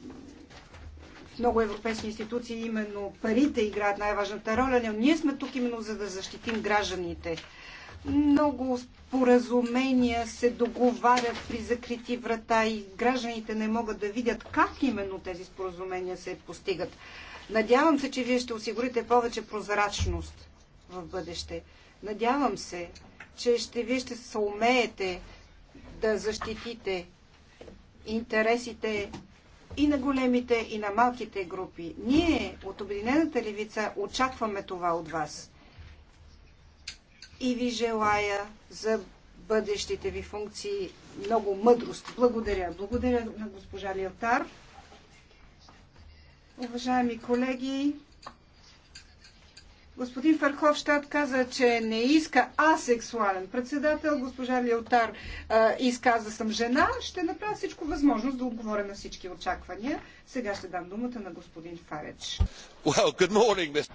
много европейски институции именно парите играят най-важната роля, но ние сме тук именно за да защитим гражданите. Много споразумения се договарят при закрити врата и гражданите не могат да видят как именно тези споразумения се постигат. Надявам се, че вие ще осигурите повече прозрачност в бъдеще. Надявам се, че ще, вие ще се умеете да защитите интересите и на големите, и на малките групи. Ние от Обединената левица очакваме това от вас и ви желая за бъдещите ви функции много мъдрост. Благодаря. Благодаря на госпожа Лиотар. Уважаеми колеги, Господин Фарховщад каза, че не иска асексуален председател. Госпожа Леотар а, изказа съм жена. Ще направя всичко възможно да отговоря на всички очаквания. Сега ще дам думата на господин Фареч. Well, good morning,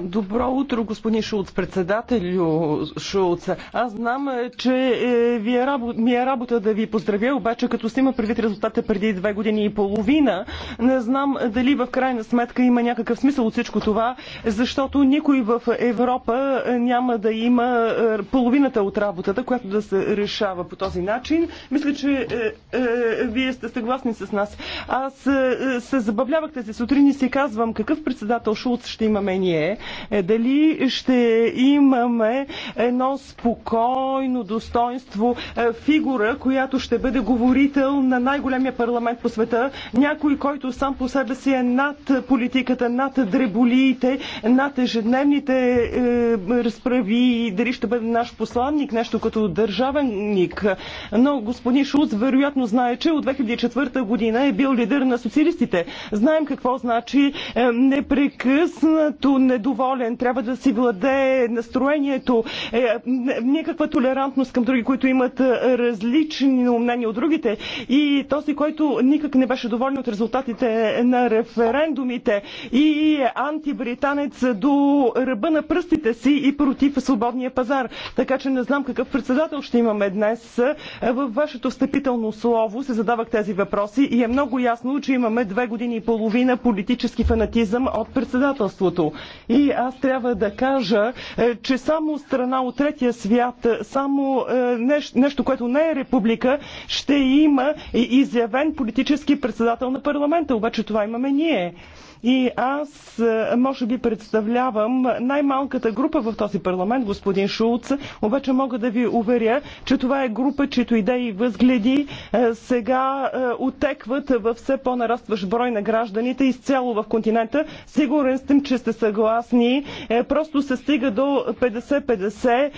Добро утро, господин Шулц, председателю Шулц. Аз знам, е, че е, ви е ми е работа да ви поздравя, обаче като си има предвид резултата преди две години и половина, не знам дали в крайна сметка има някакъв смисъл от всичко това, защото никой никой в Европа няма да има е, половината от работата, която да се решава по този начин. Мисля, че е, е, вие сте съгласни с нас. Аз е, се забавлявах тези сутрин и си казвам какъв председател Шулц ще имаме ние. Е, дали ще имаме едно спокойно достоинство, е, фигура, която ще бъде говорител на най-големия парламент по света. Някой, който сам по себе си е над политиката, над дреболиите, над ежедневно военните е, разправи дали ще бъде наш посланник, нещо като държавенник. Но господин Шулц вероятно знае, че от 2004 година е бил лидер на социалистите. Знаем какво значи е, непрекъснато недоволен. Трябва да си владее настроението. Е, никаква толерантност към други, които имат е, различни мнения от другите. И този, който никак не беше доволен от резултатите на референдумите и антибританец до ръба на пръстите си и против свободния пазар. Така че не знам какъв председател ще имаме днес. Във вашето встъпително слово се задавах тези въпроси и е много ясно, че имаме две години и половина политически фанатизъм от председателството. И аз трябва да кажа, е, че само страна от третия свят, е, само е, нещо, нещо което не е република, ще има изявен политически председател на парламента. Обаче това имаме ние. И аз, е, може би, представлявам най-малката група в този парламент, господин Шулц, обаче мога да ви уверя, че това е група, чието идеи и възгледи е, сега е, отекват в все по-нарастващ брой на гражданите изцяло в континента. Сигурен съм, че сте съгласни. Просто се стига до 50-50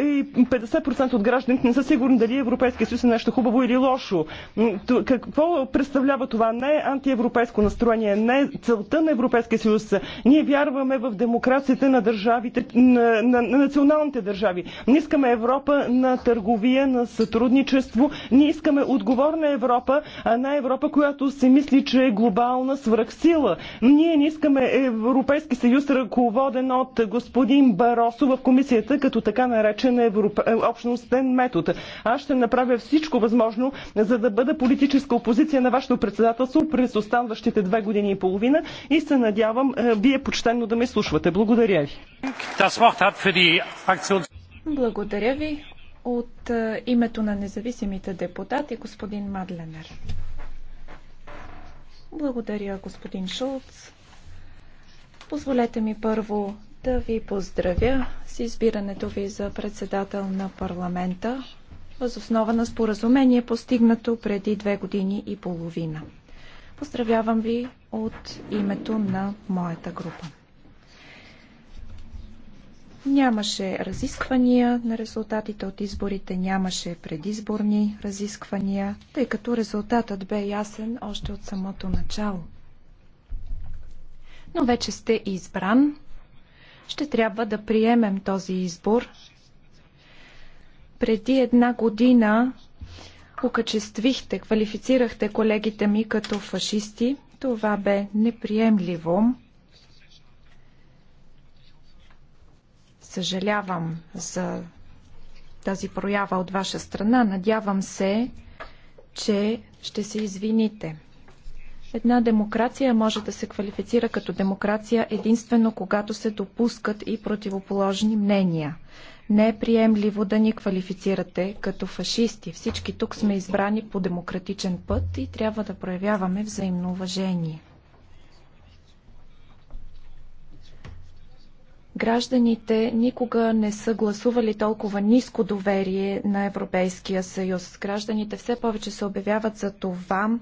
и 50% от гражданите не са сигурни дали Европейския съюз е нещо хубаво или лошо. Какво представлява това? Не антиевропейско настроение, не целта на Европейския съюз. Ние вярваме в демокрацията на държавите, на, на, на националните държави. Не искаме Европа на търговия, на сътрудничество. Ние искаме отговорна Европа, а не Европа, която се мисли, че е глобална свръхсила. Ние не искаме Европейски съюз, ръководен от господин Баросо в комисията, като така наречен Европ... Е, общностен метод. Аз ще направя всичко възможно, за да бъда политическа опозиция на вашето председателство през останващите две години и половина и се надявам е, вие почтенно да ме слушвате. Благодаря ви. Благодаря ви. От е, името на независимите депутати, господин Мадленер. Благодаря, господин Шулц. Позволете ми първо да ви поздравя с избирането ви за председател на парламента, възоснова на споразумение, постигнато преди две години и половина. Поздравявам ви от името на моята група. Нямаше разисквания на резултатите от изборите, нямаше предизборни разисквания, тъй като резултатът бе ясен още от самото начало. Но вече сте избран. Ще трябва да приемем този избор. Преди една година окачествихте, квалифицирахте колегите ми като фашисти. Това бе неприемливо. Съжалявам за тази проява от ваша страна. Надявам се, че ще се извините. Една демокрация може да се квалифицира като демокрация единствено когато се допускат и противоположни мнения. Не е приемливо да ни квалифицирате като фашисти. Всички тук сме избрани по демократичен път и трябва да проявяваме взаимно уважение. Гражданите никога не са гласували толкова ниско доверие на Европейския съюз. Гражданите все повече се обявяват за това,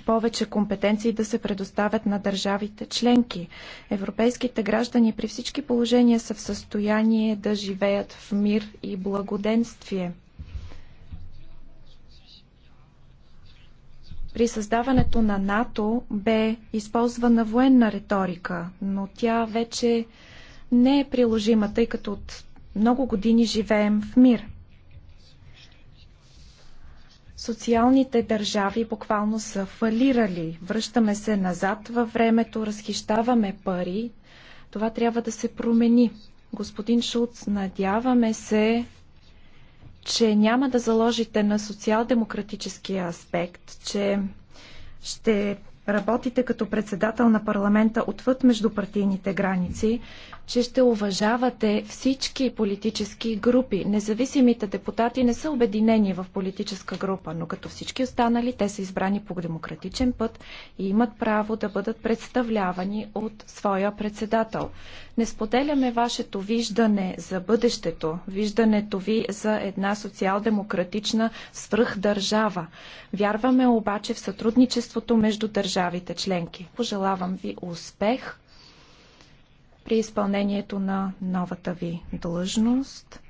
повече компетенции да се предоставят на държавите членки. Европейските граждани при всички положения са в състояние да живеят в мир и благоденствие. При създаването на НАТО бе използвана военна риторика, но тя вече не е приложима, тъй като от много години живеем в мир. Социалните държави буквално са фалирали. Връщаме се назад във времето, разхищаваме пари. Това трябва да се промени. Господин Шулц, надяваме се, че няма да заложите на социал-демократическия аспект, че ще работите като председател на парламента отвъд междупартийните граници, че ще уважавате всички политически групи. Независимите депутати не са обединени в политическа група, но като всички останали, те са избрани по демократичен път и имат право да бъдат представлявани от своя председател. Не споделяме вашето виждане за бъдещето, виждането ви за една социал-демократична свръхдържава. Вярваме обаче в сътрудничеството между държавите членки. Пожелавам ви успех при изпълнението на новата ви длъжност.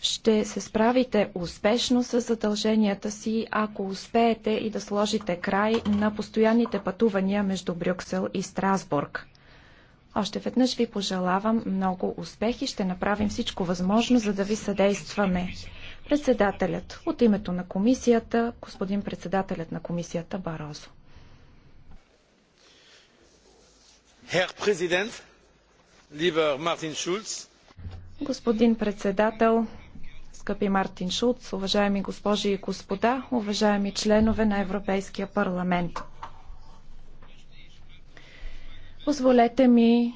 Ще се справите успешно с задълженията си, ако успеете и да сложите край на постоянните пътувания между Брюксел и Страсбург. Още веднъж ви пожелавам много успех и ще направим всичко възможно, за да ви съдействаме. Председателят от името на комисията, господин председателят на комисията Барозо. Herr Präsident, lieber Martin Schulz. Господин председател, скъпи Мартин Шулц, уважаеми госпожи и господа, уважаеми членове на Европейския парламент. Позволете ми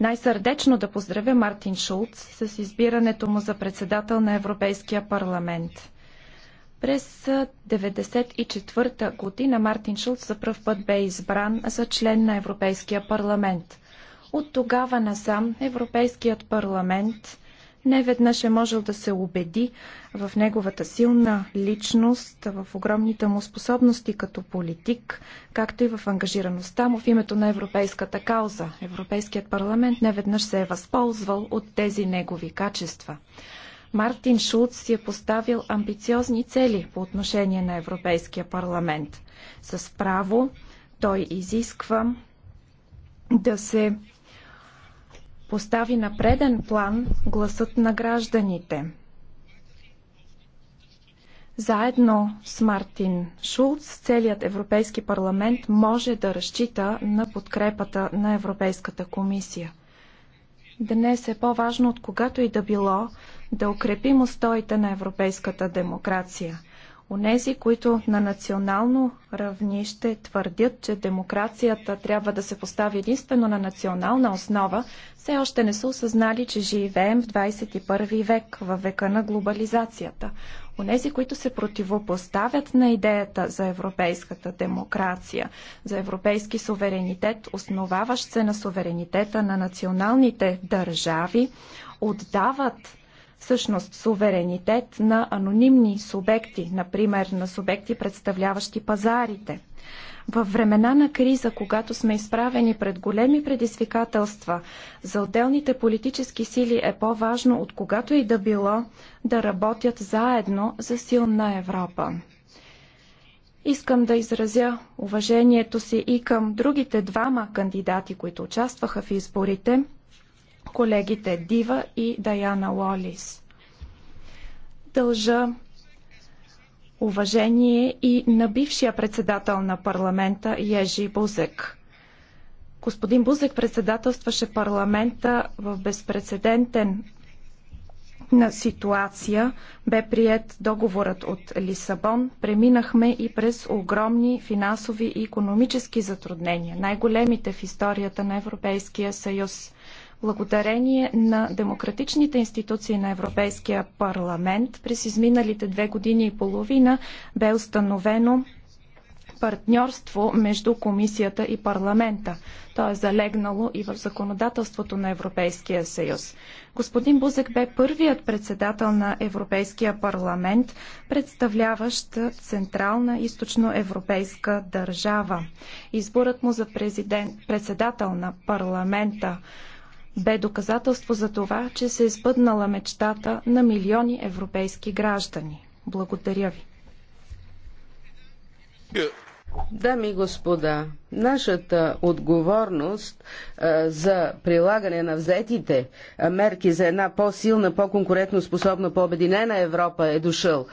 най-сърдечно да поздравя Мартин Шулц с избирането му за председател на Европейския парламент. През 1994 година Мартин Шулц за пръв път бе избран за член на Европейския парламент. От тогава насам Европейският парламент не веднъж е можел да се убеди в неговата силна личност, в огромните му способности като политик, както и в ангажираността му в името на европейската кауза. Европейският парламент не веднъж се е възползвал от тези негови качества. Мартин Шулц си е поставил амбициозни цели по отношение на Европейския парламент. С право той изисква да се постави на преден план гласът на гражданите. Заедно с Мартин Шулц, целият Европейски парламент може да разчита на подкрепата на Европейската комисия. Днес е по-важно от когато и да било да укрепим устоите на европейската демокрация. Онези, които на национално равнище твърдят, че демокрацията трябва да се постави единствено на национална основа, все още не са осъзнали, че живеем в 21 век, във века на глобализацията. Онези, които се противопоставят на идеята за европейската демокрация, за европейски суверенитет, основаващ се на суверенитета на националните държави, отдават Всъщност, суверенитет на анонимни субекти, например на субекти, представляващи пазарите. В времена на криза, когато сме изправени пред големи предизвикателства, за отделните политически сили е по-важно от когато и да било да работят заедно за силна Европа. Искам да изразя уважението си и към другите двама кандидати, които участваха в изборите колегите Дива и Даяна Лолис. Дължа уважение и на бившия председател на парламента Ежи Бузек. Господин Бузек председателстваше парламента в безпредседентен на ситуация бе прият договорът от Лисабон, преминахме и през огромни финансови и економически затруднения, най-големите в историята на Европейския съюз. Благодарение на демократичните институции на Европейския парламент през изминалите две години и половина бе установено партньорство между комисията и парламента. То е залегнало и в законодателството на Европейския съюз. Господин Бузек бе първият председател на Европейския парламент, представляващ централна източноевропейска държава. Изборът му за президент, председател на парламента бе доказателство за това, че се е сбъднала мечтата на милиони европейски граждани. Благодаря ви. Дами и господа, нашата отговорност а, за прилагане на взетите а, мерки за една по-силна, по-конкурентно способна, по-обединена Европа е дошъл.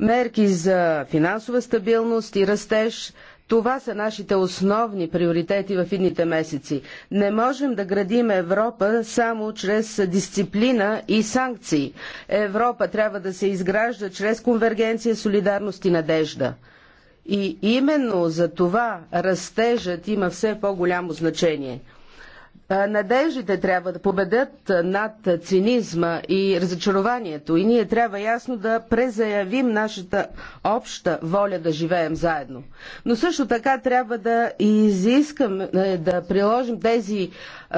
Мерки за финансова стабилност и растеж, това са нашите основни приоритети в идните месеци. Не можем да градим Европа само чрез дисциплина и санкции. Европа трябва да се изгражда чрез конвергенция, солидарност и надежда. И именно за това растежът има все по-голямо значение. Надеждите трябва да победат над цинизма и разочарованието и ние трябва ясно да презаявим нашата обща воля да живеем заедно. Но също така трябва да изискаме е, да приложим тези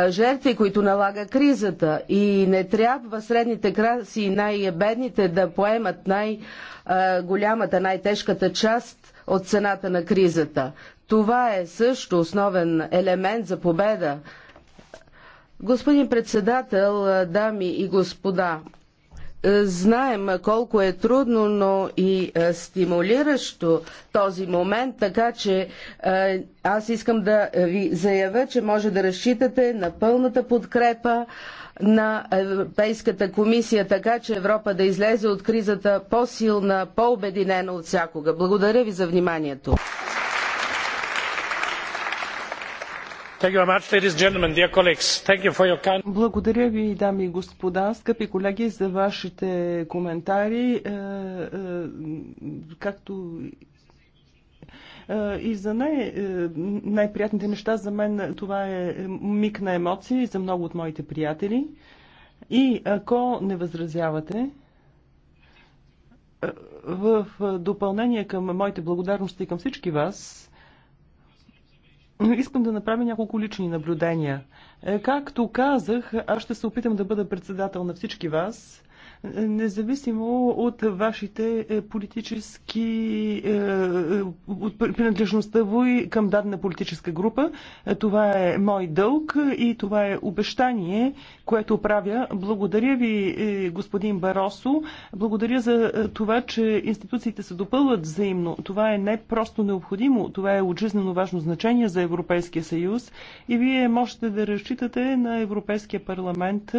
жертви, които налага кризата и не трябва средните краси и най-бедните да поемат най-голямата, най-тежката част от цената на кризата. Това е също основен елемент за победа Господин председател, дами и господа, знаем колко е трудно, но и стимулиращо този момент, така че аз искам да ви заявя, че може да разчитате на пълната подкрепа на Европейската комисия, така че Европа да излезе от кризата по-силна, по-обединена от всякога. Благодаря ви за вниманието. Благодаря ви, дами и господа, скъпи колеги, за вашите коментари, е, е, както и за най- е, най-приятните неща за мен това е миг на емоции за много от моите приятели. И ако не възразявате, в допълнение към моите благодарности към всички вас, Искам да направя няколко лични наблюдения. Е, както казах, аз ще се опитам да бъда председател на всички вас независимо от вашите е, политически е, е, от принадлежността ви към дадена политическа група. Това е мой дълг и това е обещание, което правя. Благодаря ви, господин Баросо. Благодаря за това, че институциите се допълват взаимно. Това е не просто необходимо, това е от жизнено важно значение за Европейския съюз и вие можете да разчитате на Европейския парламент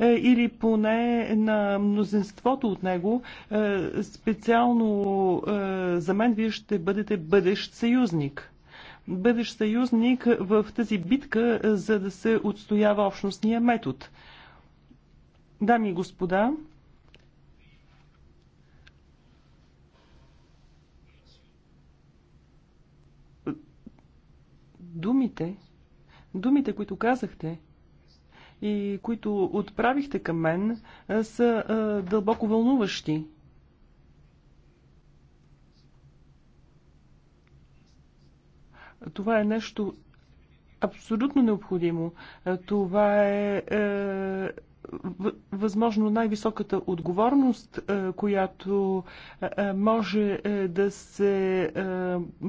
или поне на мнозинството от него, е, специално е, за мен вие ще бъдете бъдещ съюзник бъдещ съюзник в тази битка, е, за да се отстоява общностния метод. Дами и господа, думите, думите, които казахте, и които отправихте към мен, са дълбоко вълнуващи. Това е нещо абсолютно необходимо. Това е, е възможно най-високата отговорност, е, която е, е, може да се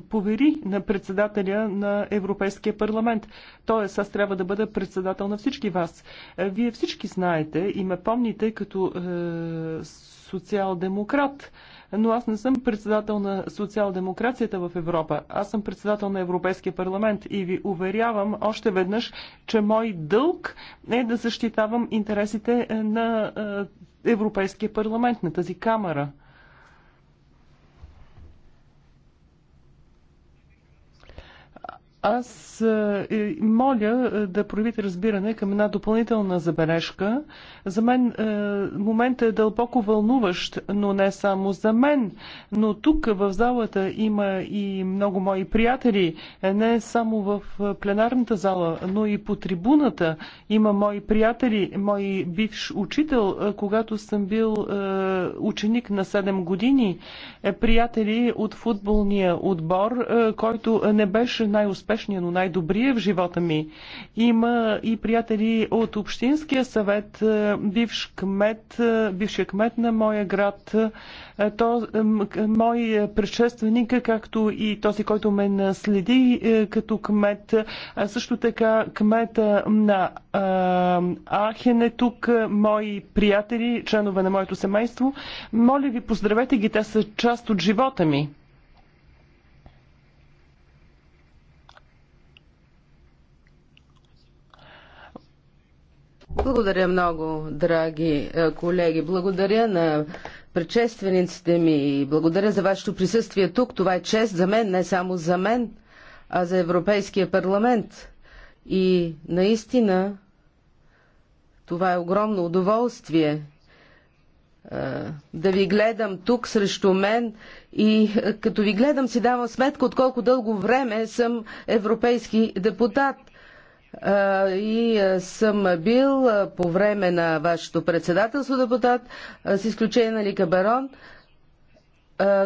повери на председателя на Европейския парламент. Тоест, аз трябва да бъда председател на всички вас. Вие всички знаете и ме помните като социал-демократ, но аз не съм председател на социал-демокрацията в Европа. Аз съм председател на Европейския парламент и ви уверявам още веднъж, че мой дълг е да защитавам интересите на е, Европейския парламент, на тази камера. Аз е, е, моля е, да проявите разбиране към една допълнителна забележка. За мен моментът е дълбоко вълнуващ, но не само за мен. Но тук в залата има и много мои приятели, не само в пленарната зала, но и по трибуната. Има мои приятели, мой бивш учител, когато съм бил ученик на 7 години, приятели от футболния отбор, който не беше най-успешен успешния но най-добрия в живота ми. Има и приятели от Общинския съвет, е, бивш кмет, е, бившия кмет на моя град, е, то, мой предшественик, както и този, който ме наследи като кмет, също така кмета на Ахен е тук, мои приятели, членове на моето семейство. Моля ви, поздравете ги, те са част от живота ми. Благодаря много, драги е, колеги. Благодаря на предшествениците ми и благодаря за вашето присъствие тук. Това е чест за мен, не само за мен, а за Европейския парламент. И наистина това е огромно удоволствие е, да ви гледам тук срещу мен и е, като ви гледам си давам сметка от колко дълго време съм европейски депутат и съм бил по време на вашето председателство депутат, с изключение на Лика Барон,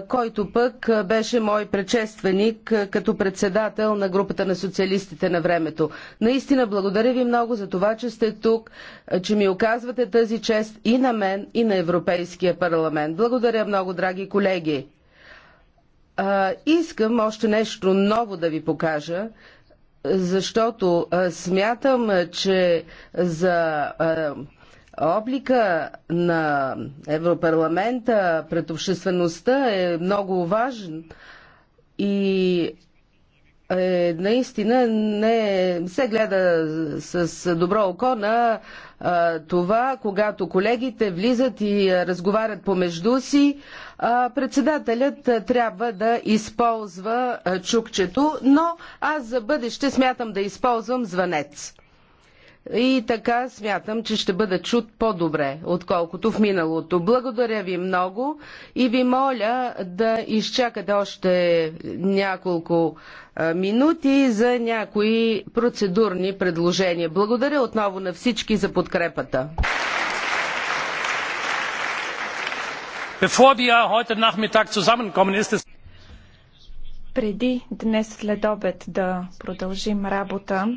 който пък беше мой предшественик като председател на групата на социалистите на времето. Наистина благодаря ви много за това, че сте тук, че ми оказвате тази чест и на мен, и на Европейския парламент. Благодаря много, драги колеги. искам още нещо ново да ви покажа защото смятам, че за облика на Европарламента пред обществеността е много важен и е, наистина не се гледа с добро око на това, когато колегите влизат и разговарят помежду си, председателят трябва да използва чукчето, но аз за бъдеще смятам да използвам звънец и така смятам, че ще бъда чут по-добре, отколкото в миналото. Благодаря ви много и ви моля да изчакате още няколко минути за някои процедурни предложения. Благодаря отново на всички за подкрепата. Преди днес след обед да продължим работа,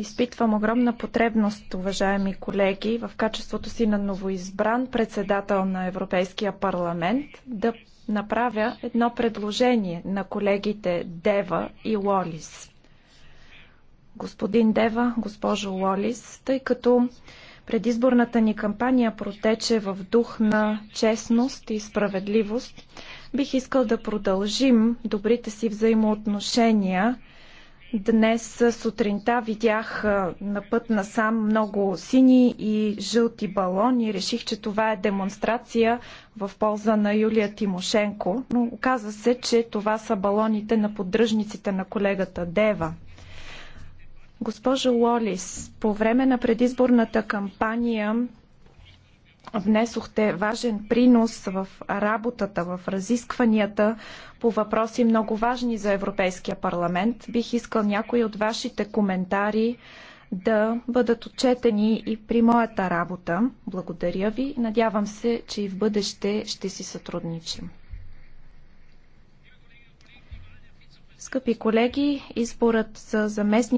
Изпитвам огромна потребност, уважаеми колеги, в качеството си на новоизбран председател на Европейския парламент да направя едно предложение на колегите Дева и Лолис. Господин Дева, госпожо Лолис, тъй като предизборната ни кампания протече в дух на честност и справедливост, бих искал да продължим добрите си взаимоотношения – Днес сутринта видях на път на сам много сини и жълти балони. Реших, че това е демонстрация в полза на Юлия Тимошенко, но оказа се, че това са балоните на поддръжниците на колегата Дева. Госпожо Лолис, по време на предизборната кампания внесохте важен принос в работата, в разискванията по въпроси много важни за Европейския парламент. Бих искал някои от вашите коментари да бъдат отчетени и при моята работа. Благодаря ви. Надявам се, че и в бъдеще ще си сътрудничим. Скъпи колеги, изборът за заместник